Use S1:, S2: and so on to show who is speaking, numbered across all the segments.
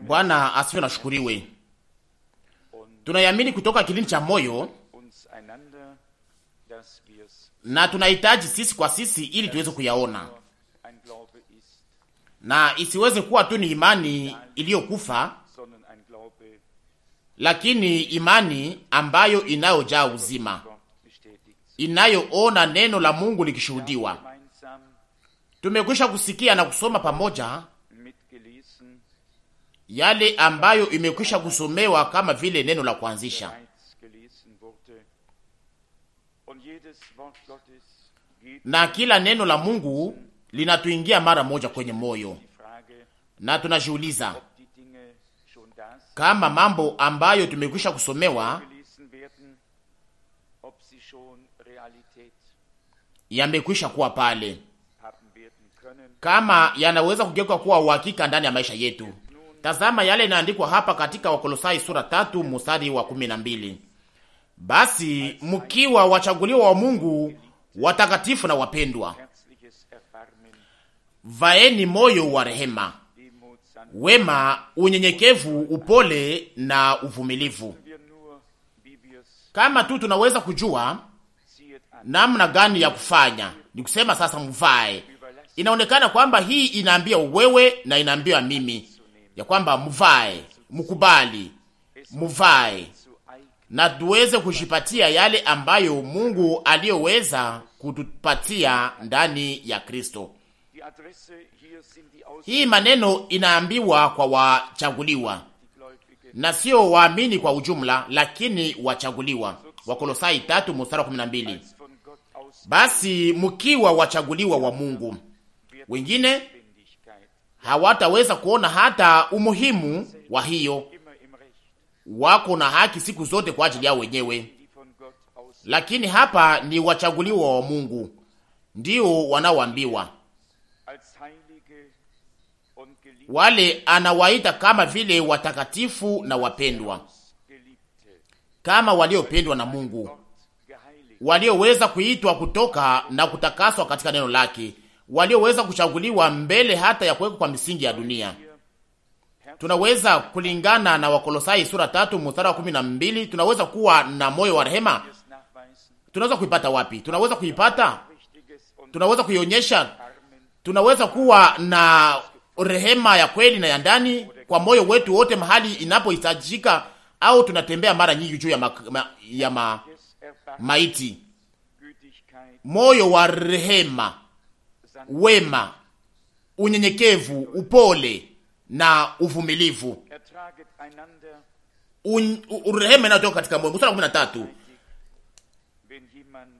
S1: Bwana
S2: asifiwe na shukuriwe. Tunayamini kutoka kilindi cha moyo na tunahitaji sisi kwa sisi ili tuweze kuyaona na isiweze kuwa tu ni imani iliyokufa, lakini imani ambayo inayojaa uzima, inayoona neno la Mungu likishuhudiwa Tumekwisha kusikia na kusoma pamoja yale ambayo imekwisha kusomewa kama vile neno la kuanzisha na kila neno la Mungu linatuingia mara moja kwenye moyo, na tunajiuliza kama mambo ambayo tumekwisha kusomewa yamekwisha kuwa pale kama yanaweza kugeuka kuwa uhakika ndani ya maisha yetu. Tazama yale inaandikwa hapa katika Wakolosai sura tatu mstari wa kumi na mbili: basi mkiwa wachaguliwa wa Mungu watakatifu na wapendwa, vaeni moyo wa rehema, wema, unyenyekevu, upole na uvumilivu. Kama tu tunaweza kujua namna gani ya kufanya, ni kusema sasa mvae Inaonekana kwamba hii inaambia wewe na inaambiwa mimi ya kwamba mvae, mkubali, mvae na tuweze kujipatia yale ambayo Mungu aliyoweza kutupatia ndani ya Kristo. Hii maneno inaambiwa kwa wachaguliwa na sio waamini kwa ujumla, lakini wachaguliwa. Wakolosai mstari wa Basi mkiwa wachaguliwa wa Mungu, wengine hawataweza kuona hata umuhimu wa hiyo. Wako na haki siku zote kwa ajili yao wenyewe, lakini hapa ni wachaguliwa wa Mungu ndio wanaoambiwa wale anawaita kama vile watakatifu na wapendwa, kama waliopendwa na Mungu, walioweza kuitwa kutoka na kutakaswa katika neno lake, walioweza kuchaguliwa mbele hata ya kuwekwa kwa misingi ya dunia. Tunaweza kulingana na Wakolosai sura tatu mstari wa kumi na mbili. Tunaweza kuwa na moyo wa rehema. Tunaweza kuipata wapi? Tunaweza kuipata, tunaweza kuionyesha. Tunaweza kuwa na rehema ya kweli na ya ndani kwa moyo wetu wote mahali inapohitajika, au tunatembea mara nyingi juu ya, ma, ma, ya ma, maiti. Moyo wa rehema wema, unyenyekevu, upole na uvumilivu. Rehema inayotoka katika moyo. Mstari wa kumi na tatu,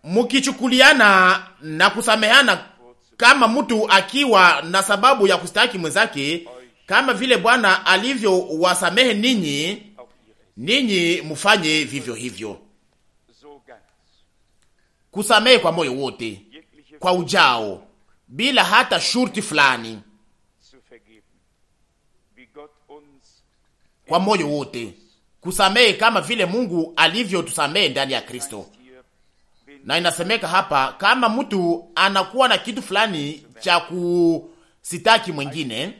S2: mukichukuliana na kusameheana kama mtu akiwa na sababu ya kustaki mwenzake, kama vile Bwana alivyowasamehe ninyi, ninyi mufanye vivyo hivyo. Kusamehe kwa moyo wote, kwa ujao, bila hata shurti fulani, kwa moyo wote kusamehe kama vile Mungu alivyotusamehe ndani ya Kristo. Na inasemeka hapa kama mtu anakuwa na kitu fulani cha kusitaki mwingine,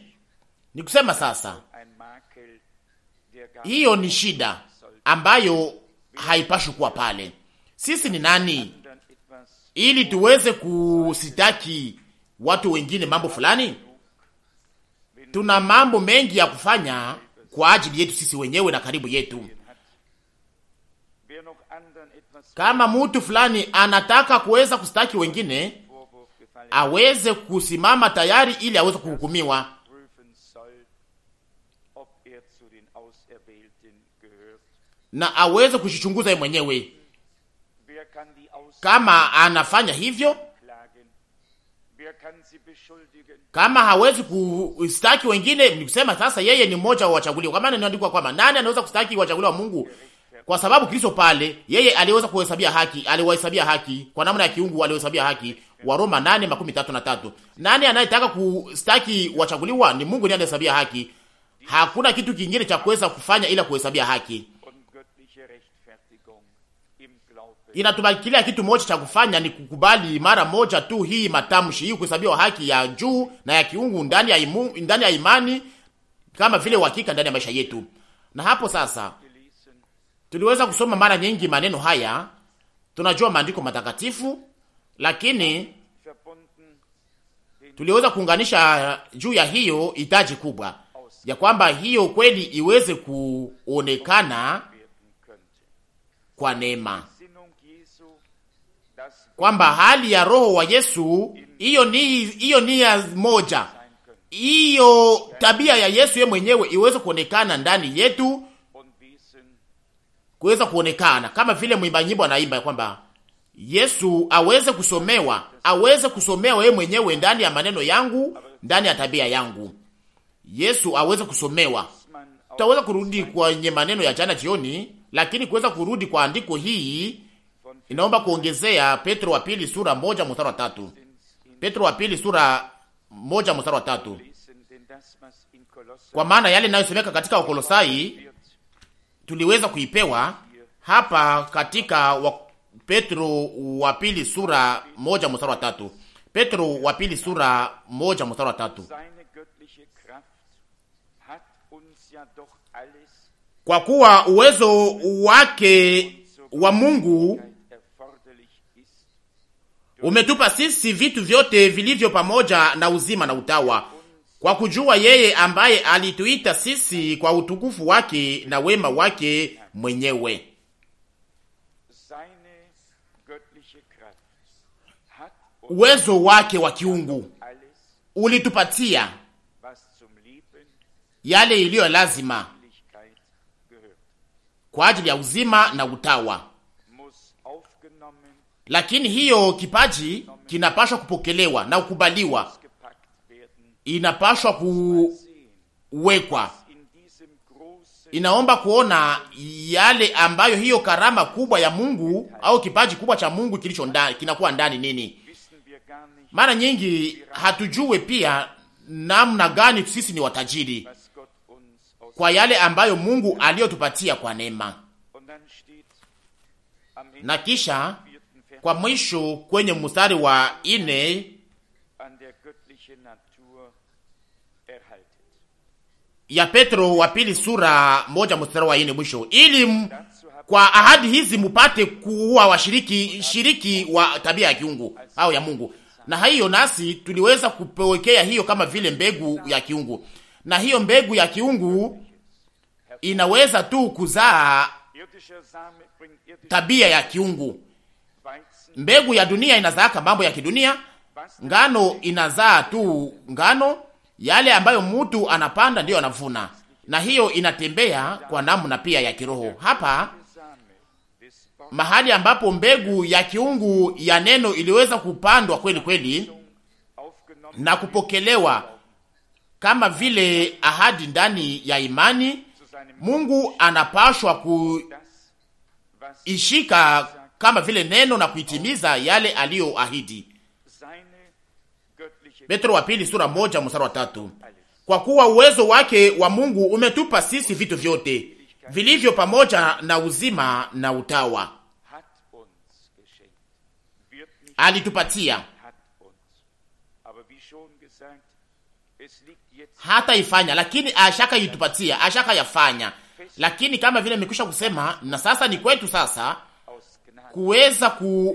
S2: ni kusema sasa, hiyo ni shida ambayo haipashi kuwa pale. Sisi ni nani ili tuweze kusitaki watu wengine mambo fulani? Tuna mambo mengi ya kufanya kwa ajili yetu sisi wenyewe na karibu yetu. Kama mtu fulani anataka kuweza kustaki wengine, aweze kusimama tayari ili aweze kuhukumiwa. na aweze kujichunguza yeye mwenyewe. Kama anafanya hivyo, kama hawezi kustaki wengine, ni kusema sasa yeye ni mmoja wa wachaguliwa, kwa maana inaandikwa kwamba nani anaweza kustaki wachaguliwa wa Mungu? Kwa sababu Kristo pale yeye aliweza kuhesabia haki, aliwahesabia haki kwa namna ya kiungu, aliwahesabia haki. wa Roma makumi na Nani anayetaka kustaki wachaguliwa? Ni Mungu ndiye anahesabia haki. Hakuna kitu kingine cha kuweza kufanya ila kuhesabia haki. inatubakilia kitu moja cha kufanya ni kukubali mara moja tu hii matamshi hii kuhesabiwa haki ya juu na ya kiungu ndani ya, imu, ndani ya imani kama vile uhakika ndani ya maisha yetu. Na hapo sasa tuliweza kusoma mara nyingi maneno haya, tunajua maandiko matakatifu, lakini tuliweza kuunganisha juu ya hiyo hitaji kubwa ya kwamba hiyo kweli iweze kuonekana kwa neema kwamba hali ya roho wa Yesu hiyo ni hiyo nia moja, hiyo tabia ya Yesu ye mwenyewe iweze kuonekana ndani yetu, kuweza kuonekana kama vile mwimba nyimbo anaimba kwamba Yesu aweze kusomewa, aweze kusomewa ye mwenyewe ndani ya maneno yangu, ndani ya tabia yangu. Yesu aweze kusomewa. Tutaweza kurudi kwenye maneno ya jana jioni, lakini kuweza kurudi kwa andiko hii inaomba kuongezea Petro wa pili sura moja mstari wa tatu. Petro wa pili sura moja mstari wa tatu, kwa maana yale inayosemeka katika Wakolosai tuliweza kuipewa hapa katika wa Petro wa pili sura moja mstari wa tatu. Petro wa pili sura moja mstari wa tatu. Kwa kuwa uwezo wake wa Mungu umetupa sisi vitu vyote vilivyo pamoja na uzima na utawa, kwa kujua yeye ambaye alituita sisi kwa utukufu wake na wema wake mwenyewe. Uwezo wake wa kiungu ulitupatia yale iliyo lazima kwa ajili ya uzima na utawa lakini hiyo kipaji kinapashwa kupokelewa na kukubaliwa, inapashwa kuwekwa. Inaomba kuona yale ambayo hiyo karama kubwa ya Mungu au kipaji kubwa cha Mungu kilicho ndani kinakuwa ndani nini. Mara nyingi hatujue pia namna gani sisi ni watajiri kwa yale ambayo Mungu aliyotupatia kwa neema, na kisha kwa mwisho kwenye mstari wa ine ya Petro wa pili sura moja mstari wa ine mwisho, ili kwa ahadi hizi mupate kuwa washiriki shiriki wa tabia ya kiungu au ya Mungu. Na hiyo nasi tuliweza kupewekea hiyo kama vile mbegu ya kiungu, na hiyo mbegu ya kiungu inaweza tu kuzaa tabia ya kiungu Mbegu ya dunia inazaaka mambo ya kidunia, ngano inazaa tu ngano. Yale ambayo mtu anapanda ndiyo anavuna, na hiyo inatembea kwa namna pia ya kiroho. Hapa mahali ambapo mbegu ya kiungu ya neno iliweza kupandwa kweli kweli na kupokelewa kama vile ahadi ndani ya imani, Mungu anapashwa kuishika kama vile neno na kuitimiza yale aliyoahidi. Petro wa pili sura moja mstari wa tatu. Kwa kuwa uwezo wake wa Mungu umetupa sisi vitu vyote vilivyo pamoja na uzima na utawa,
S1: alitupatia
S2: hata ifanya, lakini ashaka itupatia, ashaka yafanya, lakini kama vile nimekwisha kusema, na sasa ni kwetu sasa kuweza kuamua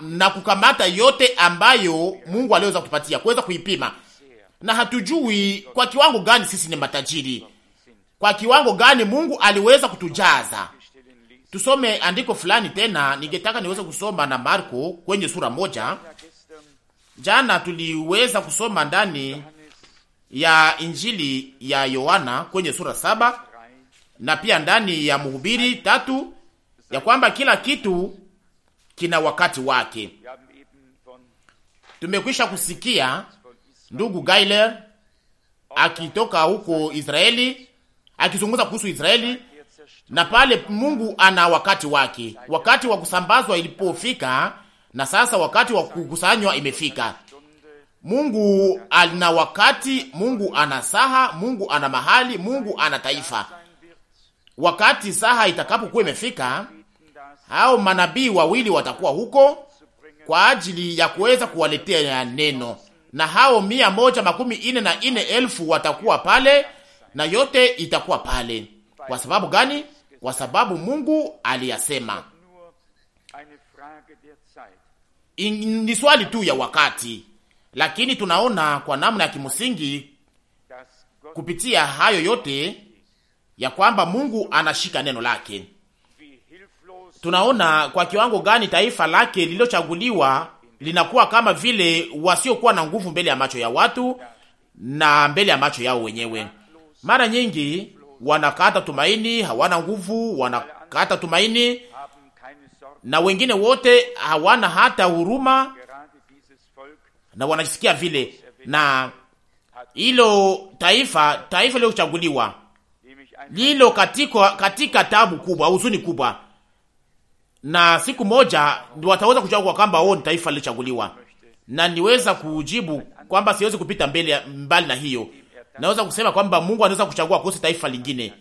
S2: na kukamata yote ambayo Mungu aliweza kutupatia, kuweza kuipima. Na hatujui kwa kiwango gani sisi ni matajiri, kwa kiwango gani Mungu aliweza kutujaza. Tusome andiko fulani tena, ningetaka niweze kusoma na Marko kwenye sura moja. Jana tuliweza kusoma ndani ya Injili ya Yohana kwenye sura saba na pia ndani ya Mhubiri tatu ya kwamba kila kitu kina wakati wake. Tumekwisha kusikia ndugu Gailer akitoka huko Israeli akizungumza kuhusu Israeli, na pale Mungu ana wakati wake. Wakati wa kusambazwa ilipofika, na sasa wakati wa kukusanywa imefika. Mungu ana wakati, Mungu ana saha, Mungu ana mahali, Mungu ana taifa wakati saha itakapokuwa imefika, hao manabii wawili watakuwa huko kwa ajili ya kuweza kuwaletea neno, na hao mia moja makumi ine na ine elfu watakuwa pale, na yote itakuwa pale. Kwa sababu gani? Kwa sababu Mungu aliyasema. Ni swali tu ya wakati, lakini tunaona kwa namna ya kimsingi kupitia hayo yote ya kwamba Mungu anashika neno lake. Tunaona kwa kiwango gani taifa lake lililochaguliwa linakuwa kama vile wasiokuwa na nguvu mbele ya macho ya watu na mbele ya macho yao wenyewe. Mara nyingi wanakata tumaini, hawana nguvu, wanakata tumaini, na wengine wote hawana hata huruma na wanajisikia vile. Na hilo taifa, taifa lililochaguliwa lilo katika, katika tabu kubwa, huzuni kubwa, na siku moja wataweza kujua kwa kwamba wao ni taifa lilichaguliwa, na niweza kujibu kwamba siwezi kupita mbele mbali na hiyo. Naweza kusema kwamba Mungu anaweza kuchagua kose taifa lingine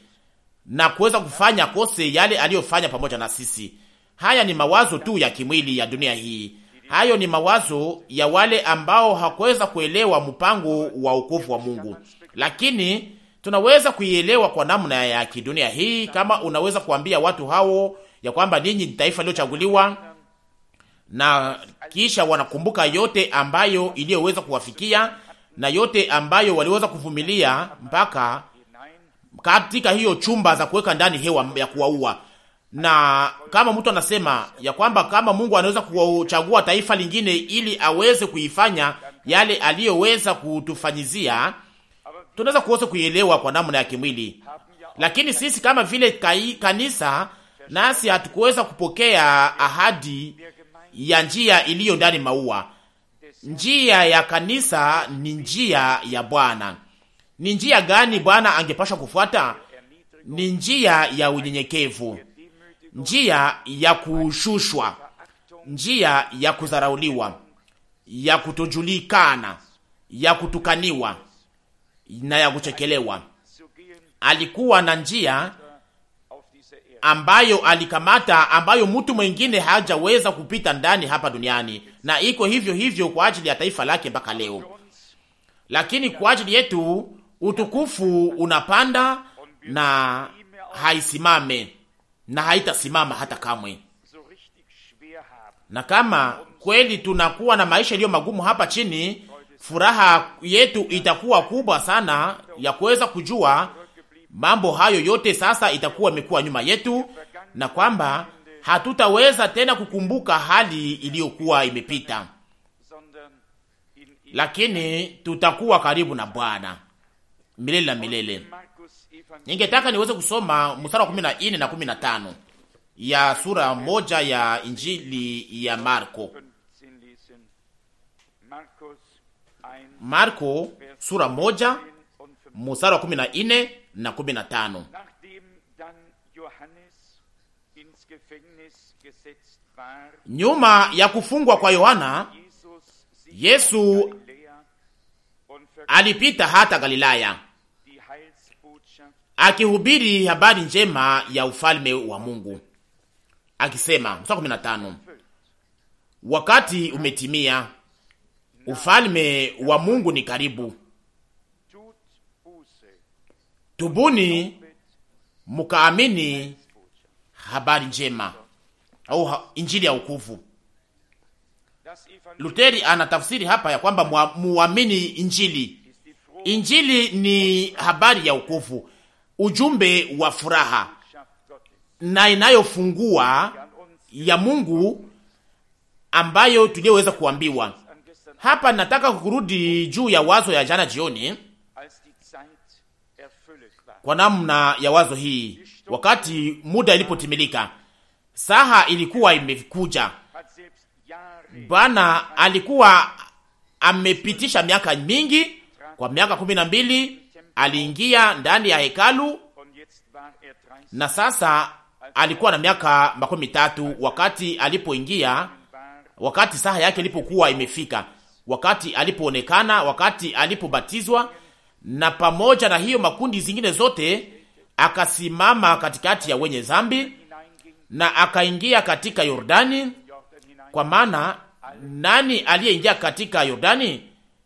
S2: na kuweza kufanya kose yale aliyofanya pamoja na sisi. Haya ni mawazo tu ya kimwili ya dunia hii. Hayo ni mawazo ya wale ambao hakuweza kuelewa mpango wa ukovu wa Mungu, lakini tunaweza kuielewa kwa namna ya kidunia hii. Kama unaweza kuambia watu hao ya kwamba ninyi ni taifa iliyochaguliwa na kisha wanakumbuka yote ambayo iliyoweza kuwafikia na yote ambayo waliweza kuvumilia mpaka katika hiyo chumba za kuweka ndani hewa ya kuwaua. Na kama mtu anasema ya kwamba kama Mungu anaweza kuchagua taifa lingine ili aweze kuifanya yale aliyoweza kutufanyizia tunaweza kuweza kuielewa kwa namna ya kimwili, lakini sisi kama vile kai, kanisa nasi hatukuweza kupokea ahadi ya njia iliyo ndani maua. Njia ya kanisa ni njia ya Bwana. Ni njia gani Bwana angepashwa kufuata? Ni njia ya unyenyekevu, njia ya kushushwa, njia ya kuzarauliwa, ya kutojulikana, ya kutukaniwa na ya kuchekelewa. Alikuwa na njia ambayo alikamata, ambayo mtu mwingine hajaweza kupita ndani hapa duniani, na iko hivyo hivyo kwa ajili ya taifa lake mpaka leo. Lakini kwa ajili yetu utukufu unapanda na haisimame na haitasimama hata kamwe. Na kama kweli tunakuwa na maisha iliyo magumu hapa chini, furaha yetu itakuwa kubwa sana ya kuweza kujua mambo hayo yote sasa itakuwa imekuwa nyuma yetu, na kwamba hatutaweza tena kukumbuka hali iliyokuwa imepita, lakini tutakuwa karibu na Bwana milele na milele. Ningetaka niweze kusoma mstari wa 14 na 15 ya sura moja ya Injili ya Marko. Marko sura moja musara wa kumi na nne na kumi na tano. Nyuma ya kufungwa kwa Yohana, Yesu alipita hata Galilaya akihubiri habari njema ya ufalme wa Mungu akisema, mstari 15, wakati umetimia ufalme wa Mungu ni karibu. Tubuni mukaamini habari njema au ha, injili ya ukuvu. Luteri anatafsiri hapa ya kwamba muamini injili. Injili ni habari ya ukuvu, ujumbe wa furaha na inayofungua ya Mungu ambayo tuliyoweza kuambiwa hapa nataka kurudi juu ya wazo ya jana jioni, kwa namna ya wazo hii, wakati muda ilipotimilika, saha ilikuwa imekuja. Bwana alikuwa amepitisha miaka mingi, kwa miaka kumi na mbili aliingia ndani ya hekalu, na sasa alikuwa na miaka makumi tatu wakati alipoingia, wakati saha yake ilipokuwa imefika wakati alipoonekana, wakati alipobatizwa, na pamoja na hiyo makundi zingine zote, akasimama katikati ya wenye zambi na akaingia katika Yordani. Kwa maana nani aliyeingia katika Yordani?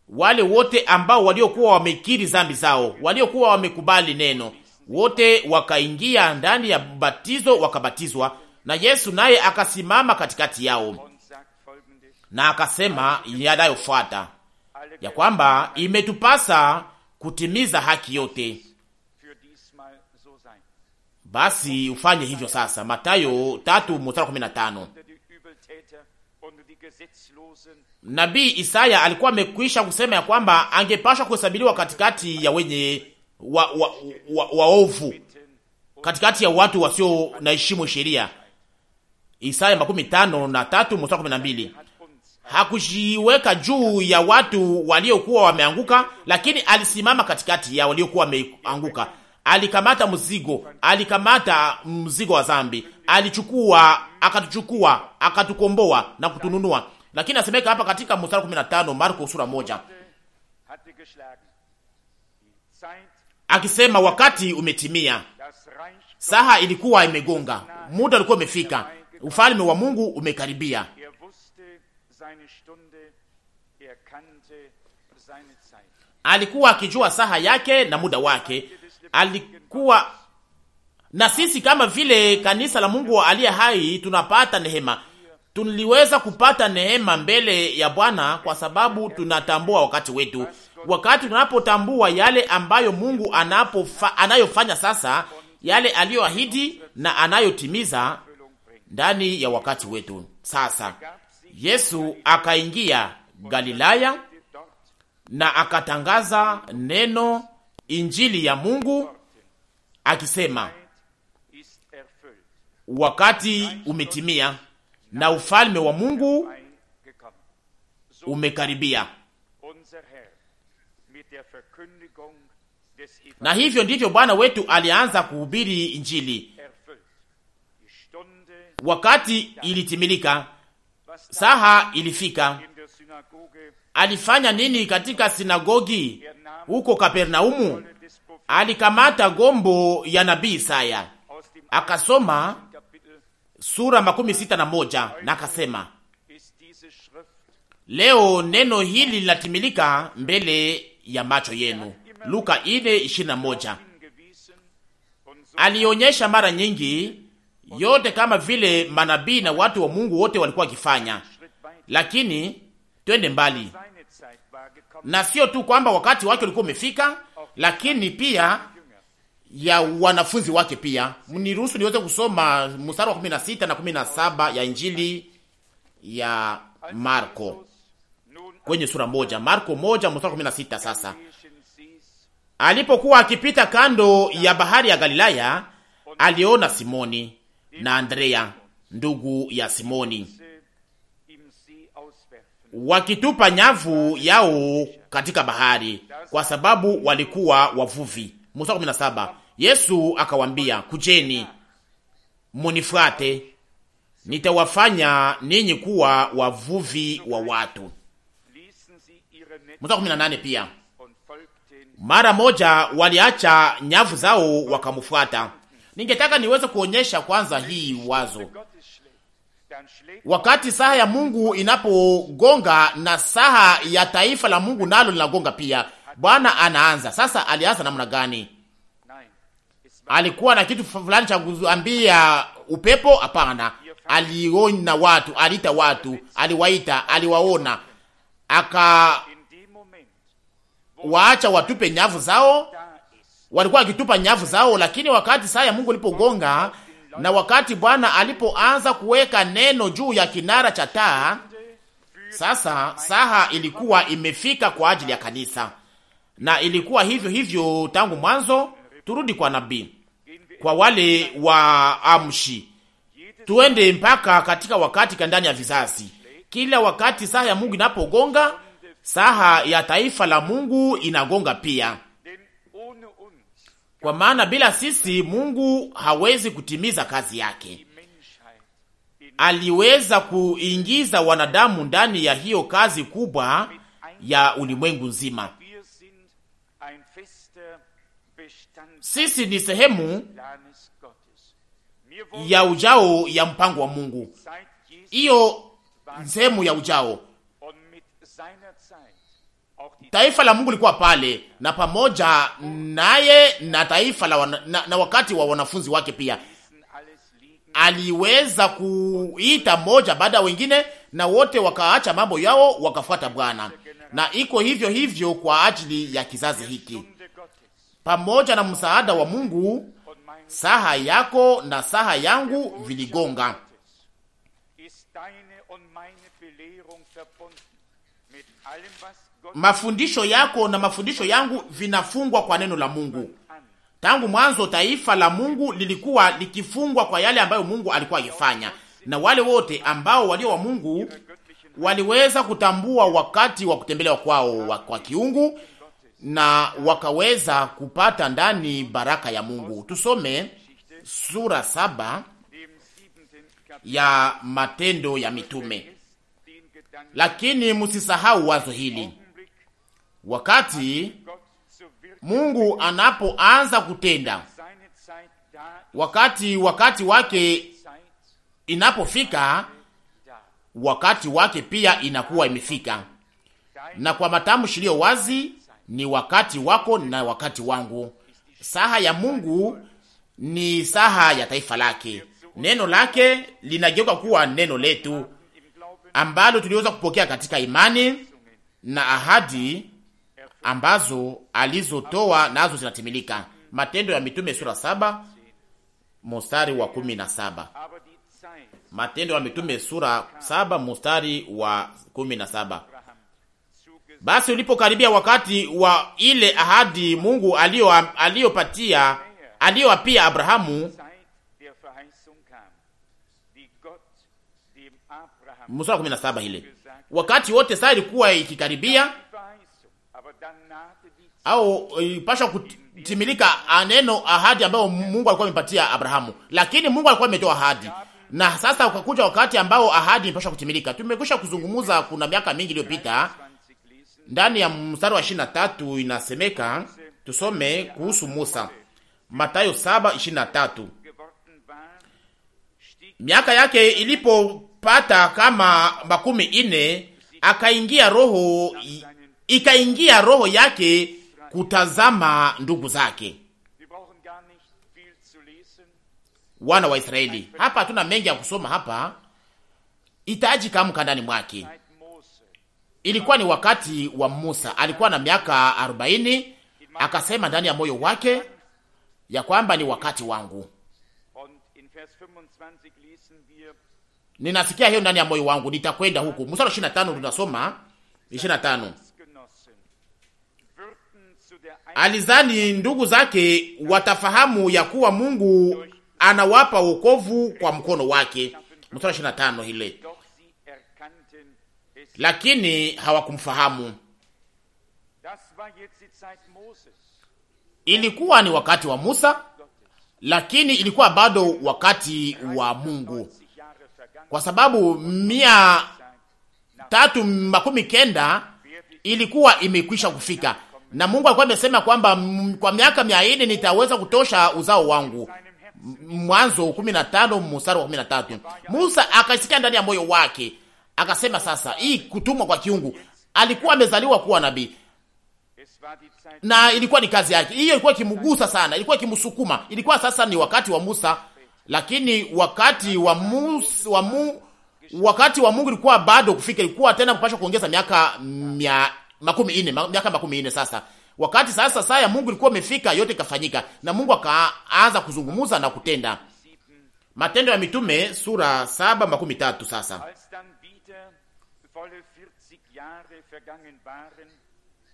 S2: Wale wote ambao waliokuwa wamekiri zambi zao, waliokuwa wamekubali neno, wote wakaingia ndani ya batizo, wakabatizwa na Yesu naye akasimama katikati yao na akasema yanayofuata ya kwamba imetupasa kutimiza haki yote, basi ufanye hivyo sasa. Matayo 3:15. Nabii Isaya alikuwa amekwisha kusema ya kwamba angepashwa kuhesabiliwa katikati ya wenye waovu wa, wa, wa katikati ya watu wasio na heshima sheria. Isaya makumi tano na tatu mstari kumi na mbili hakujiweka juu ya watu waliokuwa wameanguka, lakini alisimama katikati ya waliokuwa wameanguka. Alikamata mzigo, alikamata mzigo wa zambi, alichukua, akatuchukua, akatukomboa na kutununua. Lakini asemeka hapa katika mstari 15 Marko sura moja akisema, wakati umetimia, saha ilikuwa imegonga, muda ulikuwa umefika, ufalme wa Mungu umekaribia. alikuwa akijua saha yake na muda wake, alikuwa na sisi kama vile kanisa la Mungu aliye hai tunapata neema. Tuliweza kupata neema mbele ya Bwana kwa sababu tunatambua wakati wetu. Wakati tunapotambua yale ambayo Mungu anapofa, anayofanya sasa, yale aliyoahidi na anayotimiza ndani ya wakati wetu sasa. Yesu akaingia Galilaya na akatangaza neno injili ya Mungu akisema, wakati umetimia na ufalme wa Mungu umekaribia.
S1: Na hivyo ndivyo Bwana
S2: wetu alianza kuhubiri injili, wakati ilitimilika, saha ilifika alifanya nini katika sinagogi huko Kapernaumu? Alikamata gombo ya nabii Isaya akasoma sura makumi sita na moja na akasema, leo neno hili linatimilika mbele ya macho yenu. Luka ine ishirini na moja. Alionyesha mara nyingi yote kama vile manabii na watu wa Mungu wote walikuwa wakifanya, lakini twende mbali na sio tu kwamba wakati wake ulikuwa umefika, lakini pia ya wanafunzi wake pia. Mniruhusu niweze kusoma mstari wa 16 na 17 ya Injili ya Marko kwenye sura moja, Marko moja mstari wa 16. Sasa alipokuwa akipita kando ya bahari ya Galilaya, aliona Simoni na Andrea ndugu ya Simoni wakitupa nyavu yao katika bahari, kwa sababu walikuwa wavuvi. Mstari 17, Yesu akawambia, kujeni munifuate, nitawafanya ninyi kuwa wavuvi wa watu. Mstari 18 pia mara moja waliacha nyavu zao wakamfuata. Ningetaka niweze kuonyesha kwanza hii wazo wakati saha ya Mungu inapogonga na saha ya taifa la Mungu nalo linagonga pia. Bwana anaanza sasa. Alianza namna gani? Alikuwa na kitu fulani cha kuambia upepo? Hapana, aliona watu, aliita watu, aliwaita, aliwaona, akawaacha watupe nyavu zao. Walikuwa wakitupa nyavu zao, lakini wakati saa ya Mungu ilipogonga na wakati Bwana alipoanza kuweka neno juu ya kinara cha taa, sasa saha ilikuwa imefika kwa ajili ya kanisa, na ilikuwa hivyo hivyo tangu mwanzo. Turudi kwa nabii, kwa wale wa amshi, tuende mpaka katika wakati ndani ya vizazi. Kila wakati saha ya Mungu inapogonga, saha ya taifa la Mungu inagonga pia kwa maana bila sisi Mungu hawezi kutimiza kazi yake. Aliweza kuingiza wanadamu ndani ya hiyo kazi kubwa ya ulimwengu nzima. Sisi ni sehemu ya ujao ya mpango wa Mungu, hiyo sehemu ya ujao taifa la Mungu likuwa pale na pamoja naye na taifa la wana, na, na wakati wa wanafunzi wake pia aliweza kuita moja baada ya wengine, na wote wakaacha mambo yao wakafuata Bwana, na iko hivyo hivyo kwa ajili ya kizazi hiki. Pamoja na msaada wa Mungu, saha yako na saha yangu viligonga mafundisho yako na mafundisho yangu vinafungwa kwa neno la Mungu. Tangu mwanzo taifa la Mungu lilikuwa likifungwa kwa yale ambayo Mungu alikuwa akifanya, na wale wote ambao walio wa Mungu waliweza kutambua wakati wa kutembelewa kwao kwa kiungu na wakaweza kupata ndani baraka ya Mungu. Tusome sura saba ya Matendo ya Mitume. Lakini msisahau wazo hili Wakati Mungu anapoanza kutenda, wakati wakati wake inapofika, wakati wake pia inakuwa imefika, na kwa matamshi iliyo wazi ni wakati wako na wakati wangu. Saha ya Mungu ni saha ya taifa lake. Neno lake linageuka kuwa neno letu ambalo tuliweza kupokea katika imani na ahadi ambazo alizotoa nazo zinatimilika. Matendo ya Mitume sura saba mustari wa kumi na saba. Matendo ya Mitume sura saba mustari wa kumi na saba. Basi ulipokaribia wakati wa ile ahadi Mungu aliyopatia aliyowapia Abrahamu, mstari wa 17 ile wakati wote saa ilikuwa ikikaribia au ipasha eh, kutimilika aneno ahadi ambayo Mungu alikuwa mipatia Abrahamu, lakini Mungu alikuwa ametoa ahadi na sasa ukakuja wakati ambao ahadi imepasha kutimilika. Tumekwisha kuzungumuza kuna miaka mingi iliyopita, ndani ya mstari wa 23 inasemeka, tusome kuhusu Musa, Mathayo 7:23. Miaka yake ilipopata kama makumi ine, akaingia roho ikaingia roho yake kutazama ndugu zake wana wa Israeli. Hapa hatuna mengi ya kusoma hapa, itaji kaamka ndani mwake. Ilikuwa ni wakati wa Musa, alikuwa na miaka 40, akasema ndani ya moyo wake ya kwamba ni wakati wangu. Ninasikia hiyo ndani ya moyo wangu, nitakwenda huku. Mstari 25 tunasoma 25 Alizani ndugu zake watafahamu ya kuwa Mungu anawapa wokovu kwa mkono wake. Mstari ishirini na tano lakini hawakumfahamu. Ilikuwa ni wakati wa Musa, lakini ilikuwa bado wakati wa Mungu, kwa sababu mia tatu makumi kenda ilikuwa imekwisha kufika na Mungu alikuwa amesema kwamba kwa miaka mia nne nitaweza kutosha uzao wangu. Mwanzo 15 mstari wa 13. Musa akasikia ndani ya moyo wake akasema, sasa hii kutumwa kwa kiungu, alikuwa amezaliwa kuwa nabii na ilikuwa ni kazi yake hiyo, ilikuwa ikimgusa sana, ilikuwa ikimsukuma. Ilikuwa sasa ni wakati wa Musa, lakini wakati wa Musa, wa mu, wakati wa Mungu ilikuwa bado kufika, ilikuwa tena kupasha kuongeza miaka mia makumi ine, miaka makumi ine sasa. Wakati sasa saa ya Mungu ilikuwa imefika, yote ikafanyika na Mungu akaanza kuzungumuza na kutenda. Matendo ya Mitume sura saba makumi tatu sasa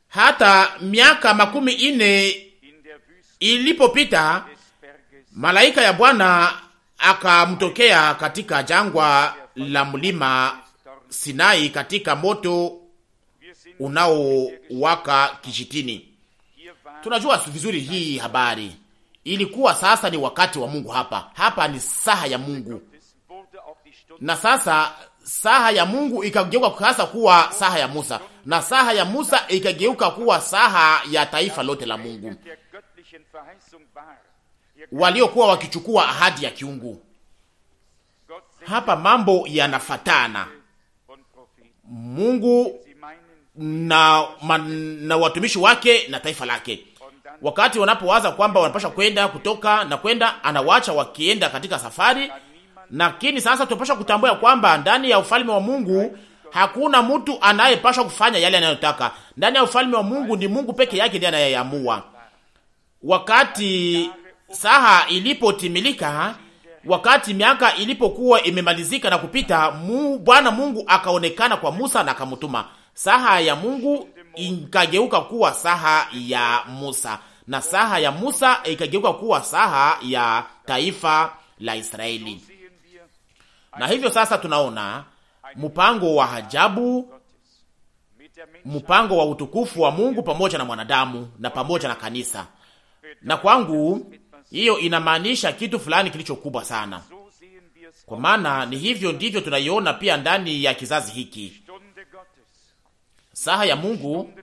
S2: hata miaka makumi ine ilipopita, malaika ya Bwana akamtokea katika jangwa la mlima Sinai katika moto unaowaka kijitini. Tunajua vizuri hii habari. Ilikuwa sasa ni wakati wa Mungu hapa. Hapa ni saha ya Mungu. Na sasa saha ya Mungu ikageuka sasa kuwa saha ya Musa. Na saha ya Musa ikageuka kuwa saha ya taifa lote la Mungu. Waliokuwa wakichukua ahadi ya kiungu. Hapa mambo yanafatana. Mungu na, man, na watumishi wake na taifa lake. Wakati wanapowaza kwamba wanapasha kwenda kutoka na kwenda, anawacha wakienda katika safari. Lakini sasa tunapasha kutambua kwamba ndani ya ufalme wa Mungu hakuna mtu anayepasha kufanya yale anayotaka. Ndani ya ufalme wa Mungu ni Mungu peke yake ndiye anayeamua. Wakati saha ilipotimilika, wakati miaka ilipokuwa imemalizika na kupita, Bwana Mungu akaonekana kwa Musa na akamtuma Saha ya Mungu ikageuka kuwa saha ya Musa na saha ya Musa ikageuka kuwa saha ya taifa la Israeli. Na hivyo sasa tunaona mpango wa hajabu mpango wa utukufu wa Mungu pamoja na mwanadamu na pamoja na kanisa. Na kwangu hiyo inamaanisha kitu fulani kilichokubwa sana, kwa maana ni hivyo ndivyo tunaiona pia ndani ya kizazi hiki saha ya Mungu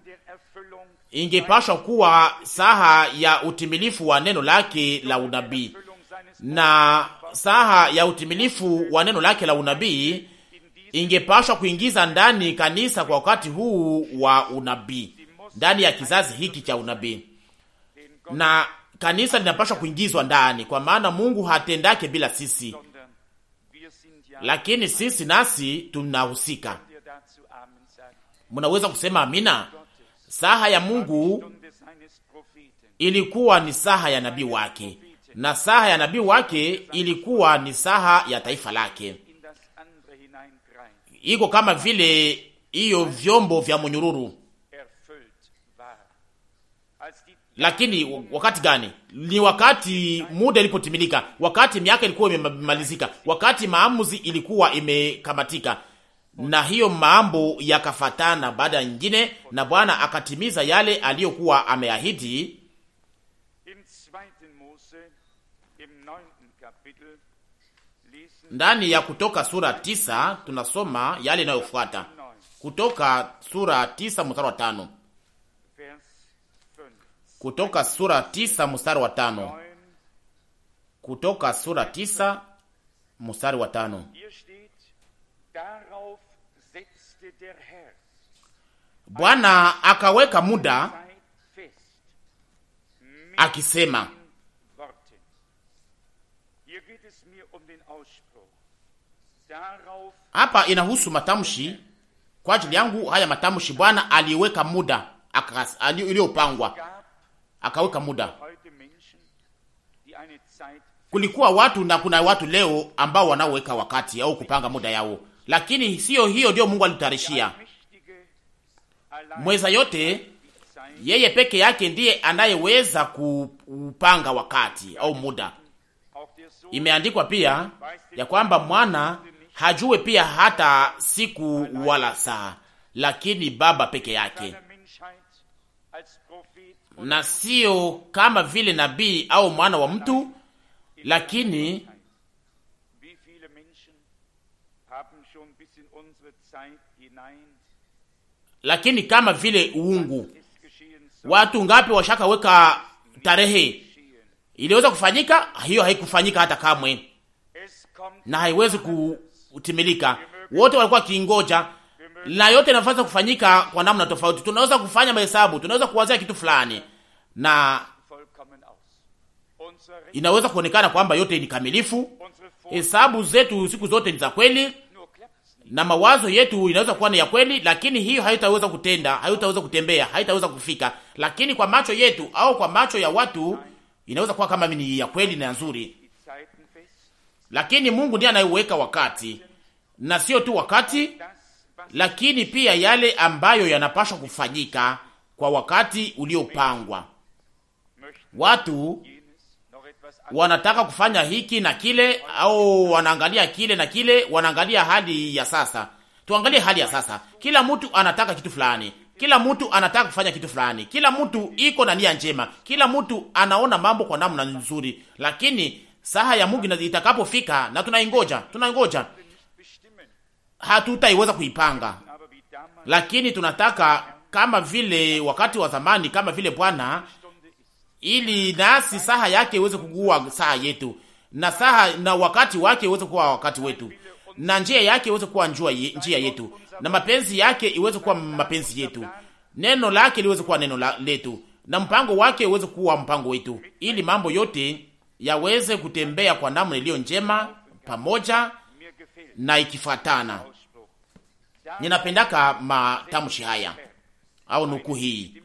S2: ingepashwa kuwa saha ya utimilifu wa neno lake la unabii, na saha ya utimilifu wa neno lake la unabii ingepashwa kuingiza ndani kanisa kwa wakati huu wa unabii, ndani ya kizazi hiki cha unabii, na kanisa linapashwa kuingizwa ndani, kwa maana Mungu hatendake bila sisi, lakini sisi nasi tunahusika Mnaweza kusema amina? Saha ya Mungu ilikuwa ni saha ya nabii wake, na saha ya nabii wake ilikuwa ni saha ya taifa lake. Iko kama vile hiyo vyombo vya munyururu. Lakini wakati gani? Ni wakati muda ilipotimilika, wakati miaka ilikuwa imemalizika, wakati maamuzi ilikuwa imekamatika na hiyo mambo yakafatana baada ya nyingine, na Bwana akatimiza yale aliyokuwa ameahidi ndani ya Kutoka sura tisa. Tunasoma yale inayofuata Kutoka sura tisa mstari wa tano. Kutoka sura tisa mstari wa tano. Kutoka sura tisa mstari wa tano. Bwana akaweka muda akisema, hapa inahusu matamshi kwa ajili yangu. Haya matamshi Bwana aliweka muda iliyopangwa, akaweka muda. Kulikuwa watu na kuna watu leo ambao wanaoweka wakati au kupanga muda yao, lakini siyo hiyo ndio Mungu alitarishia mweza yote, yeye peke yake ndiye anayeweza kupanga wakati au muda. Imeandikwa pia ya kwamba mwana hajue pia hata siku wala saa, lakini Baba peke yake, na sio kama vile nabii au mwana wa mtu, lakini lakini kama vile uungu. Watu ngapi washaka weka tarehe iliweza kufanyika? Hiyo haikufanyika hata kamwe na haiwezi kutimilika. Wote walikuwa wakiingoja, na yote inafaa kufanyika kwa namna tofauti. Tunaweza kufanya mahesabu, tunaweza kuwazia kitu fulani na inaweza kuonekana kwamba yote ni kamilifu. Hesabu zetu siku zote ni za kweli, na mawazo yetu inaweza kuwa ni ya kweli, lakini hiyo haitaweza kutenda, haitaweza kutembea, haitaweza kufika. Lakini kwa macho yetu au kwa macho ya watu inaweza kuwa kama ni ya kweli na nzuri, lakini Mungu ndiye anayeweka wakati, na sio tu wakati, lakini pia yale ambayo yanapaswa kufanyika kwa wakati uliopangwa. Watu wanataka kufanya hiki na kile, au wanaangalia kile na kile, wanaangalia hali ya sasa. Tuangalie hali ya sasa. Kila mtu anataka kitu fulani, kila mtu anataka kufanya kitu fulani, kila mtu iko na nia njema, kila mtu anaona mambo kwa namna nzuri, lakini saha ya Mungu itakapofika, na tunaingoja, tunaingoja, hatutaiweza kuipanga, lakini tunataka kama vile wakati wa zamani, kama vile Bwana ili nasi saha yake iweze kuwa saha yetu na saha na wakati wake iweze kuwa wakati wetu na njia yake iweze kuwa njua ye, njia yetu na mapenzi yake iweze kuwa mapenzi yetu, neno lake liweze kuwa neno la, letu na mpango wake uweze kuwa mpango wetu, ili mambo yote yaweze kutembea kwa namna iliyo njema pamoja na ikifuatana. Ninapendaka matamshi haya au nuku hii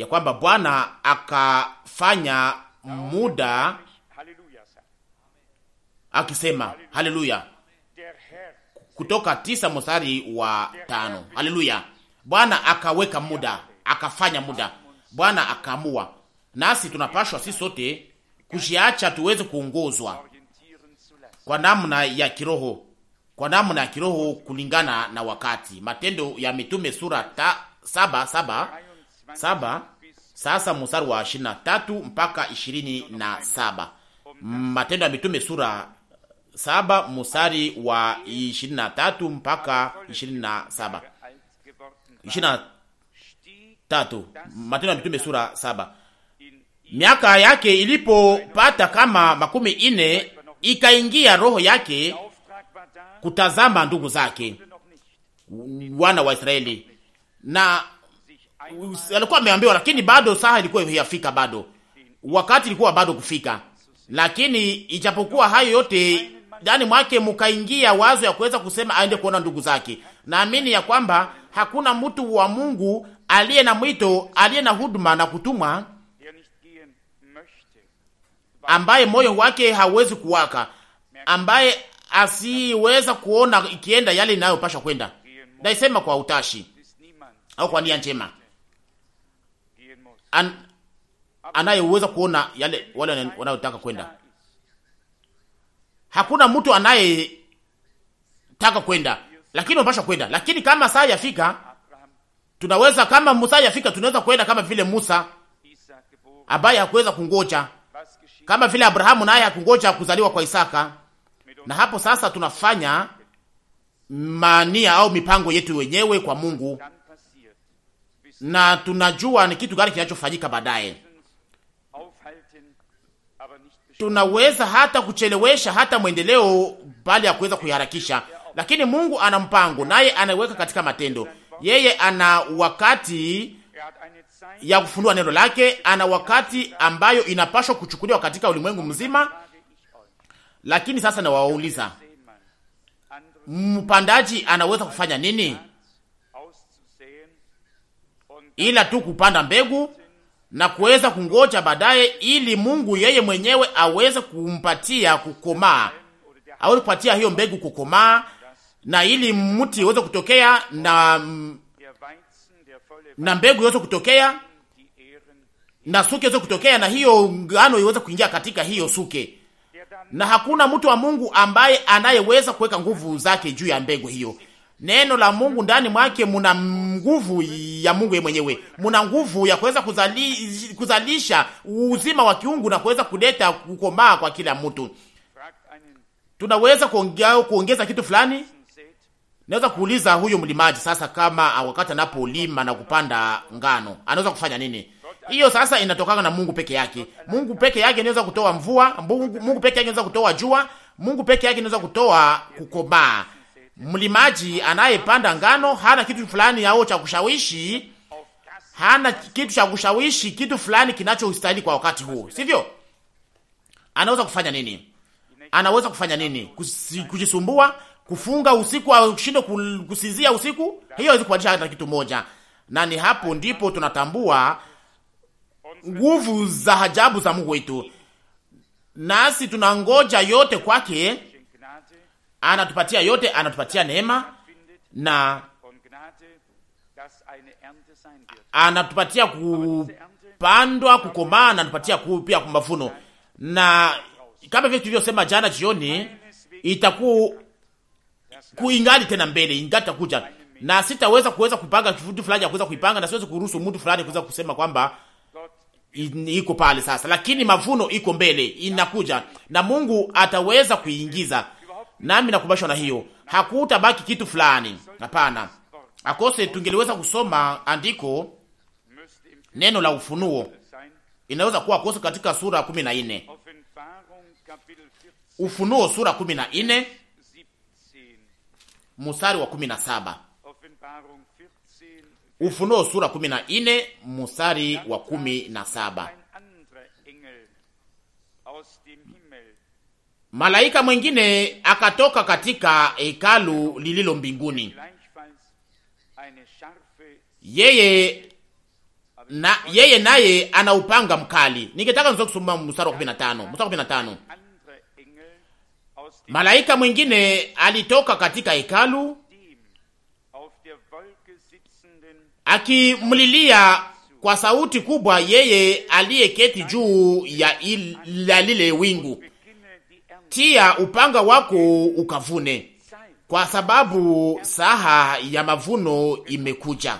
S2: ya kwamba Bwana akafanya muda akisema haleluya, kutoka tisa mstari wa tano. Haleluya, Bwana akaweka muda, akafanya muda, Bwana akaamua. Nasi tunapashwa sisi sote kujiacha tuweze kuongozwa kwa namna ya kiroho, kwa namna ya kiroho kulingana na wakati. Matendo ya Mitume sura ta, saba saba saba. Sasa mstari wa ishirini na tatu mpaka ishirini na saba Matendo ya Mitume sura saba mstari wa ishirini na tatu mpaka ishirini na saba ishirini na tatu Matendo ya Mitume sura saba Miaka yake ilipopata kama makumi ine ikaingia roho yake kutazama ndugu zake wana wa Israeli na alikuwa ameambiwa, lakini bado saa ilikuwa haifika, bado, wakati ilikuwa bado kufika. Lakini ijapokuwa hayo yote ndani mwake mkaingia wazo ya kuweza kusema aende kuona ndugu zake. Naamini ya kwamba hakuna mtu wa Mungu aliye na mwito, aliye na huduma na kutumwa, ambaye moyo wake hawezi kuwaka, ambaye asiweza kuona ikienda yale inayopasha kwenda. Naisema kwa utashi au kwa nia njema an, anayeweza kuona yale wale wanayotaka kwenda. Hakuna mtu anayetaka kwenda, lakini unapaswa kwenda. Lakini kama saa yafika, tunaweza kama Musa yafika, tunaweza kwenda kama vile Musa ambaye hakuweza kungoja, kama vile Abrahamu naye hakungoja kuzaliwa kwa Isaka. Na hapo sasa tunafanya mania au mipango yetu wenyewe kwa Mungu na tunajua ni kitu gani kinachofanyika baadaye. Tunaweza hata kuchelewesha hata mwendeleo, bali ya kuweza kuiharakisha, lakini Mungu ana mpango naye anaiweka katika matendo. Yeye ana wakati ya kufunua neno lake, ana wakati ambayo inapaswa kuchukuliwa katika ulimwengu mzima. Lakini sasa nawauliza, mpandaji anaweza kufanya nini? ila tu kupanda mbegu na kuweza kungoja baadaye, ili Mungu yeye mwenyewe aweze kumpatia kukomaa, au kupatia hiyo mbegu kukomaa, na ili mti uweze kutokea na mm, na mbegu iweze kutokea na suke iweze kutokea na hiyo ngano iweze kuingia katika hiyo suke. Na hakuna mtu wa Mungu ambaye anayeweza kuweka nguvu zake juu ya mbegu hiyo, Neno la Mungu ndani mwake muna nguvu ya Mungu yeye mwenyewe, muna nguvu ya kuweza kuzali, kuzalisha uzima wa kiungu na kuweza kuleta kukomaa kwa kila mtu. Tunaweza kuongea, kuongeza kitu fulani. Naweza kuuliza huyo mlimaji sasa, kama ah, wakati anapolima na kupanda ngano anaweza kufanya nini? Hiyo sasa inatokana na Mungu peke yake. Mungu peke yake anaweza kutoa mvua, Mungu, Mungu peke yake anaweza kutoa jua, Mungu peke yake anaweza kutoa kukomaa mlimaji anayepanda ngano hana kitu fulani yao cha kushawishi, hana kitu cha kushawishi kitu fulani kinachostahili kwa wakati huo, sivyo? Anaweza kufanya nini? Anaweza kufanya nini? Kusi, kujisumbua, kufunga usiku au kushinda kusinzia usiku, hiyo haiwezi kubadilisha hata kitu moja. Na ni hapo ndipo tunatambua nguvu za ajabu za Mungu wetu, nasi tunangoja yote kwake anatupatia yote, anatupatia neema na anatupatia kupandwa, kukomaa, anatupatia pia mavuno, na kama vile tulivyosema jana jioni, itaku kuingali tena mbele, ingali takuja, na sitaweza kuweza kupanga kitu fulani ya kuweza kuipanga, na siwezi kuruhusu mtu fulani kuweza kusema kwamba iko pale sasa, lakini mavuno iko mbele, inakuja na Mungu ataweza kuingiza nami nakubashwa na hiyo, hakutabaki kitu fulani. Hapana, akose tungeliweza kusoma andiko neno la ufunuo, inaweza kuwa akose katika sura kumi na nne Ufunuo sura kumi na nne mstari wa kumi na saba Ufunuo sura kumi na nne mstari wa kumi na saba Malaika mwingine akatoka katika hekalu lililo mbinguni, yeye na yeye naye ana upanga mkali. Ningetaka nizo kusoma mstari wa 15, mstari wa 15. Malaika mwingine alitoka katika hekalu akimlilia kwa sauti kubwa yeye aliyeketi juu ya lile wingu tia upanga wako ukavune, kwa sababu saha ya mavuno imekuja.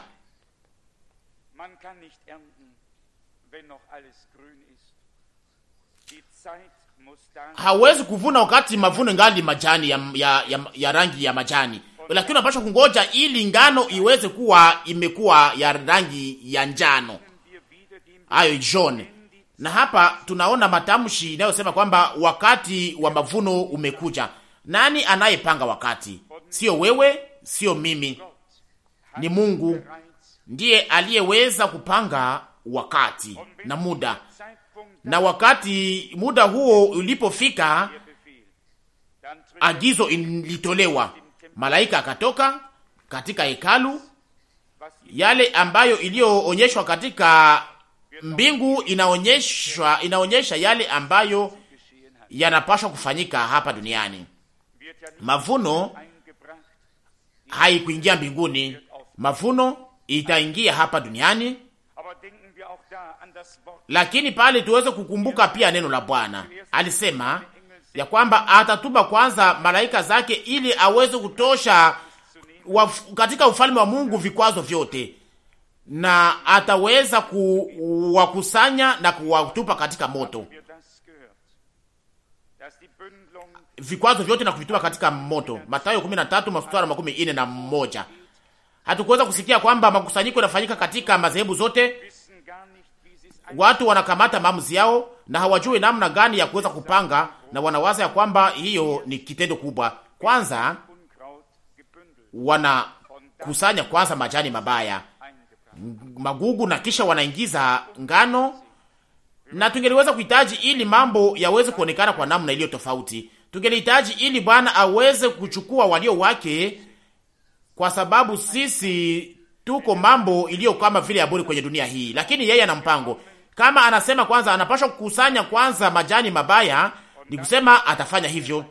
S2: Hawezi kuvuna wakati mavuno ngali majani ya, ya, ya, ya rangi ya majani, lakini unapaswa kungoja ili ngano iweze kuwa imekuwa ya rangi ya njano, hayo jone na hapa tunaona matamshi inayosema kwamba wakati wa mavuno umekuja. Nani anayepanga wakati? Sio wewe, sio mimi, ni Mungu ndiye aliyeweza kupanga wakati na muda, na wakati muda huo ulipofika, agizo ilitolewa, malaika akatoka katika hekalu, yale ambayo iliyoonyeshwa katika mbingu inaonyesha, inaonyesha yale ambayo yanapaswa kufanyika hapa duniani. Mavuno haikuingia mbinguni, mavuno itaingia hapa duniani. Lakini pale tuweze kukumbuka pia neno la Bwana alisema ya kwamba atatuma kwanza malaika zake ili aweze kutosha waf, katika ufalme wa Mungu vikwazo vyote na ataweza kuwakusanya na kuwatupa katika moto, vikwazo vyote na kuvitupa katika moto. Mathayo 13 mstari wa 14 na moja. Hatukuweza kusikia kwamba makusanyiko yanafanyika katika madhehebu zote. Watu wanakamata maamuzi yao na hawajui namna gani ya kuweza kupanga, na wanawaza ya kwamba hiyo ni kitendo kubwa. Kwanza wanakusanya kwanza majani mabaya magugu na kisha wanaingiza ngano, na tungeliweza kuhitaji ili mambo yaweze kuonekana kwa namna iliyo tofauti. Tungelihitaji ili Bwana aweze kuchukua walio wake, kwa sababu sisi tuko mambo iliyo kama vile aburi kwenye dunia hii, lakini yeye ana mpango. Kama anasema kwanza anapaswa kukusanya kwanza majani mabaya, ni kusema atafanya hivyo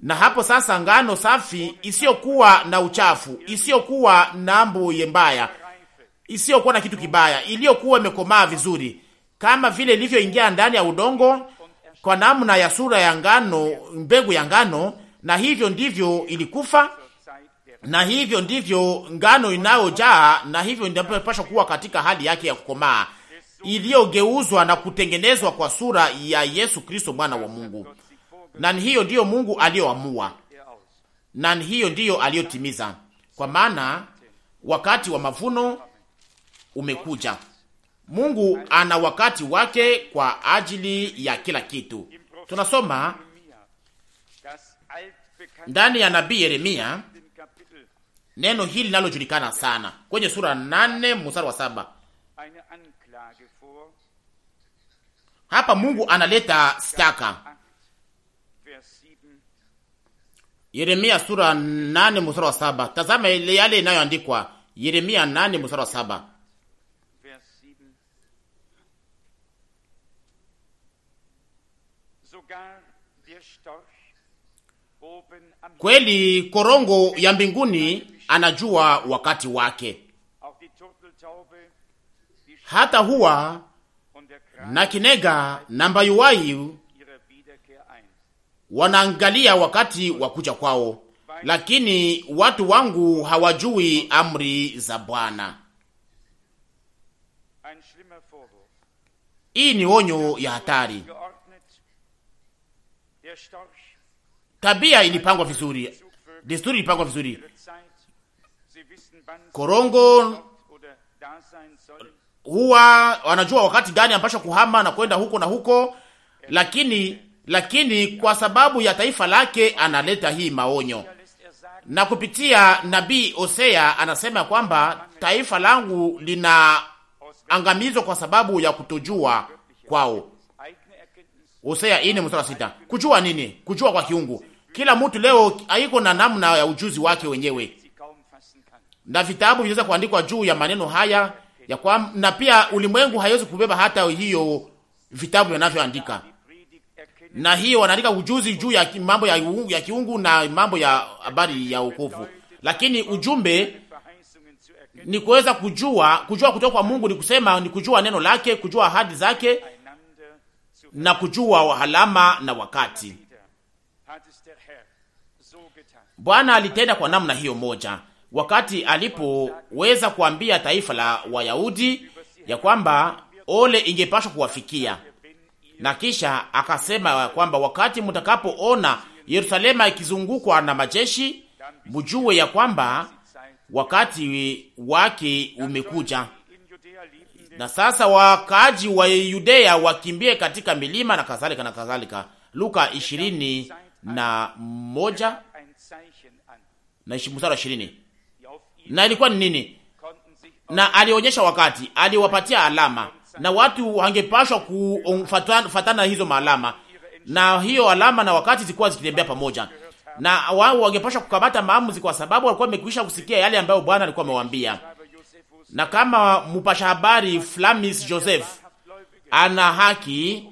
S2: na hapo sasa ngano safi isiyokuwa na uchafu isiyokuwa na mbuye mbaya isiyokuwa na kitu kibaya, iliyokuwa imekomaa vizuri, kama vile ilivyoingia ndani ya udongo kwa namna ya sura ya ngano, mbegu ya ngano, na hivyo ndivyo ilikufa, na hivyo ndivyo ngano inayojaa, na hivyo inapaswa kuwa katika hali yake ya kukomaa iliyogeuzwa na kutengenezwa kwa sura ya Yesu Kristo mwana wa Mungu. Na hiyo ndiyo Mungu aliyoamua, na hiyo ndiyo aliyotimiza, kwa maana wakati wa mavuno umekuja. Mungu ana wakati wake kwa ajili ya kila kitu. Tunasoma ndani ya nabii Yeremia neno hili linalojulikana sana kwenye sura nane mstari wa saba. Hapa Mungu analeta staka. Yeremia sura nane mstari wa saba. Tazama yale inayoandikwa Yeremia nane mstari wa saba. Kweli korongo ya mbinguni anajua wakati wake, hata huwa na kinega na mbayuwayi wanaangalia wakati wa kuja kwao, lakini watu wangu hawajui amri za Bwana. Hii ni onyo ya hatari, Tabia ilipangwa vizuri, desturi ilipangwa vizuri. Korongo huwa wanajua wakati gani ambacho kuhama na kwenda huko na huko, lakini lakini kwa sababu ya taifa lake analeta hii maonyo na kupitia nabii Hosea anasema kwamba taifa langu linaangamizwa kwa sababu ya kutojua kwao. Hosea ine mstari sita. Kujua nini? Kujua kwa kiungu. Kila mtu leo haiko na namna ya ujuzi wake wenyewe, na vitabu vinaweza kuandikwa juu ya maneno haya ya kwa, na pia ulimwengu haiwezi kubeba hata hiyo vitabu vinavyoandika, na hiyo wanaandika ujuzi juu ya mambo ya, ya kiungu na mambo ya habari ya wokovu, lakini ujumbe ni kuweza kujua. Kujua kutoka kwa Mungu ni kusema, ni kujua neno lake, kujua ahadi zake na kujua halama na wakati. Bwana alitenda kwa namna hiyo moja wakati alipoweza kuambia taifa la Wayahudi ya kwamba ole ingepashwa kuwafikia, na kisha akasema kwamba wakati mtakapoona Yerusalema ikizungukwa na majeshi, mjue ya kwamba wakati wake umekuja na sasa wakaaji wa Yudea wakimbie katika milima na kadhalika na kadhalika. Luka ishirini na moja na mstari ishirini. Na ilikuwa ni nini? Na alionyesha wakati, aliwapatia alama, na watu wangepashwa kufatana hizo maalama, na hiyo alama na wakati zilikuwa zikitembea pamoja, na wao wangepashwa kukamata maamuzi, kwa sababu walikuwa wamekwisha kusikia yale ambayo Bwana alikuwa amewambia na kama mpasha habari Flamis Joseph ana haki,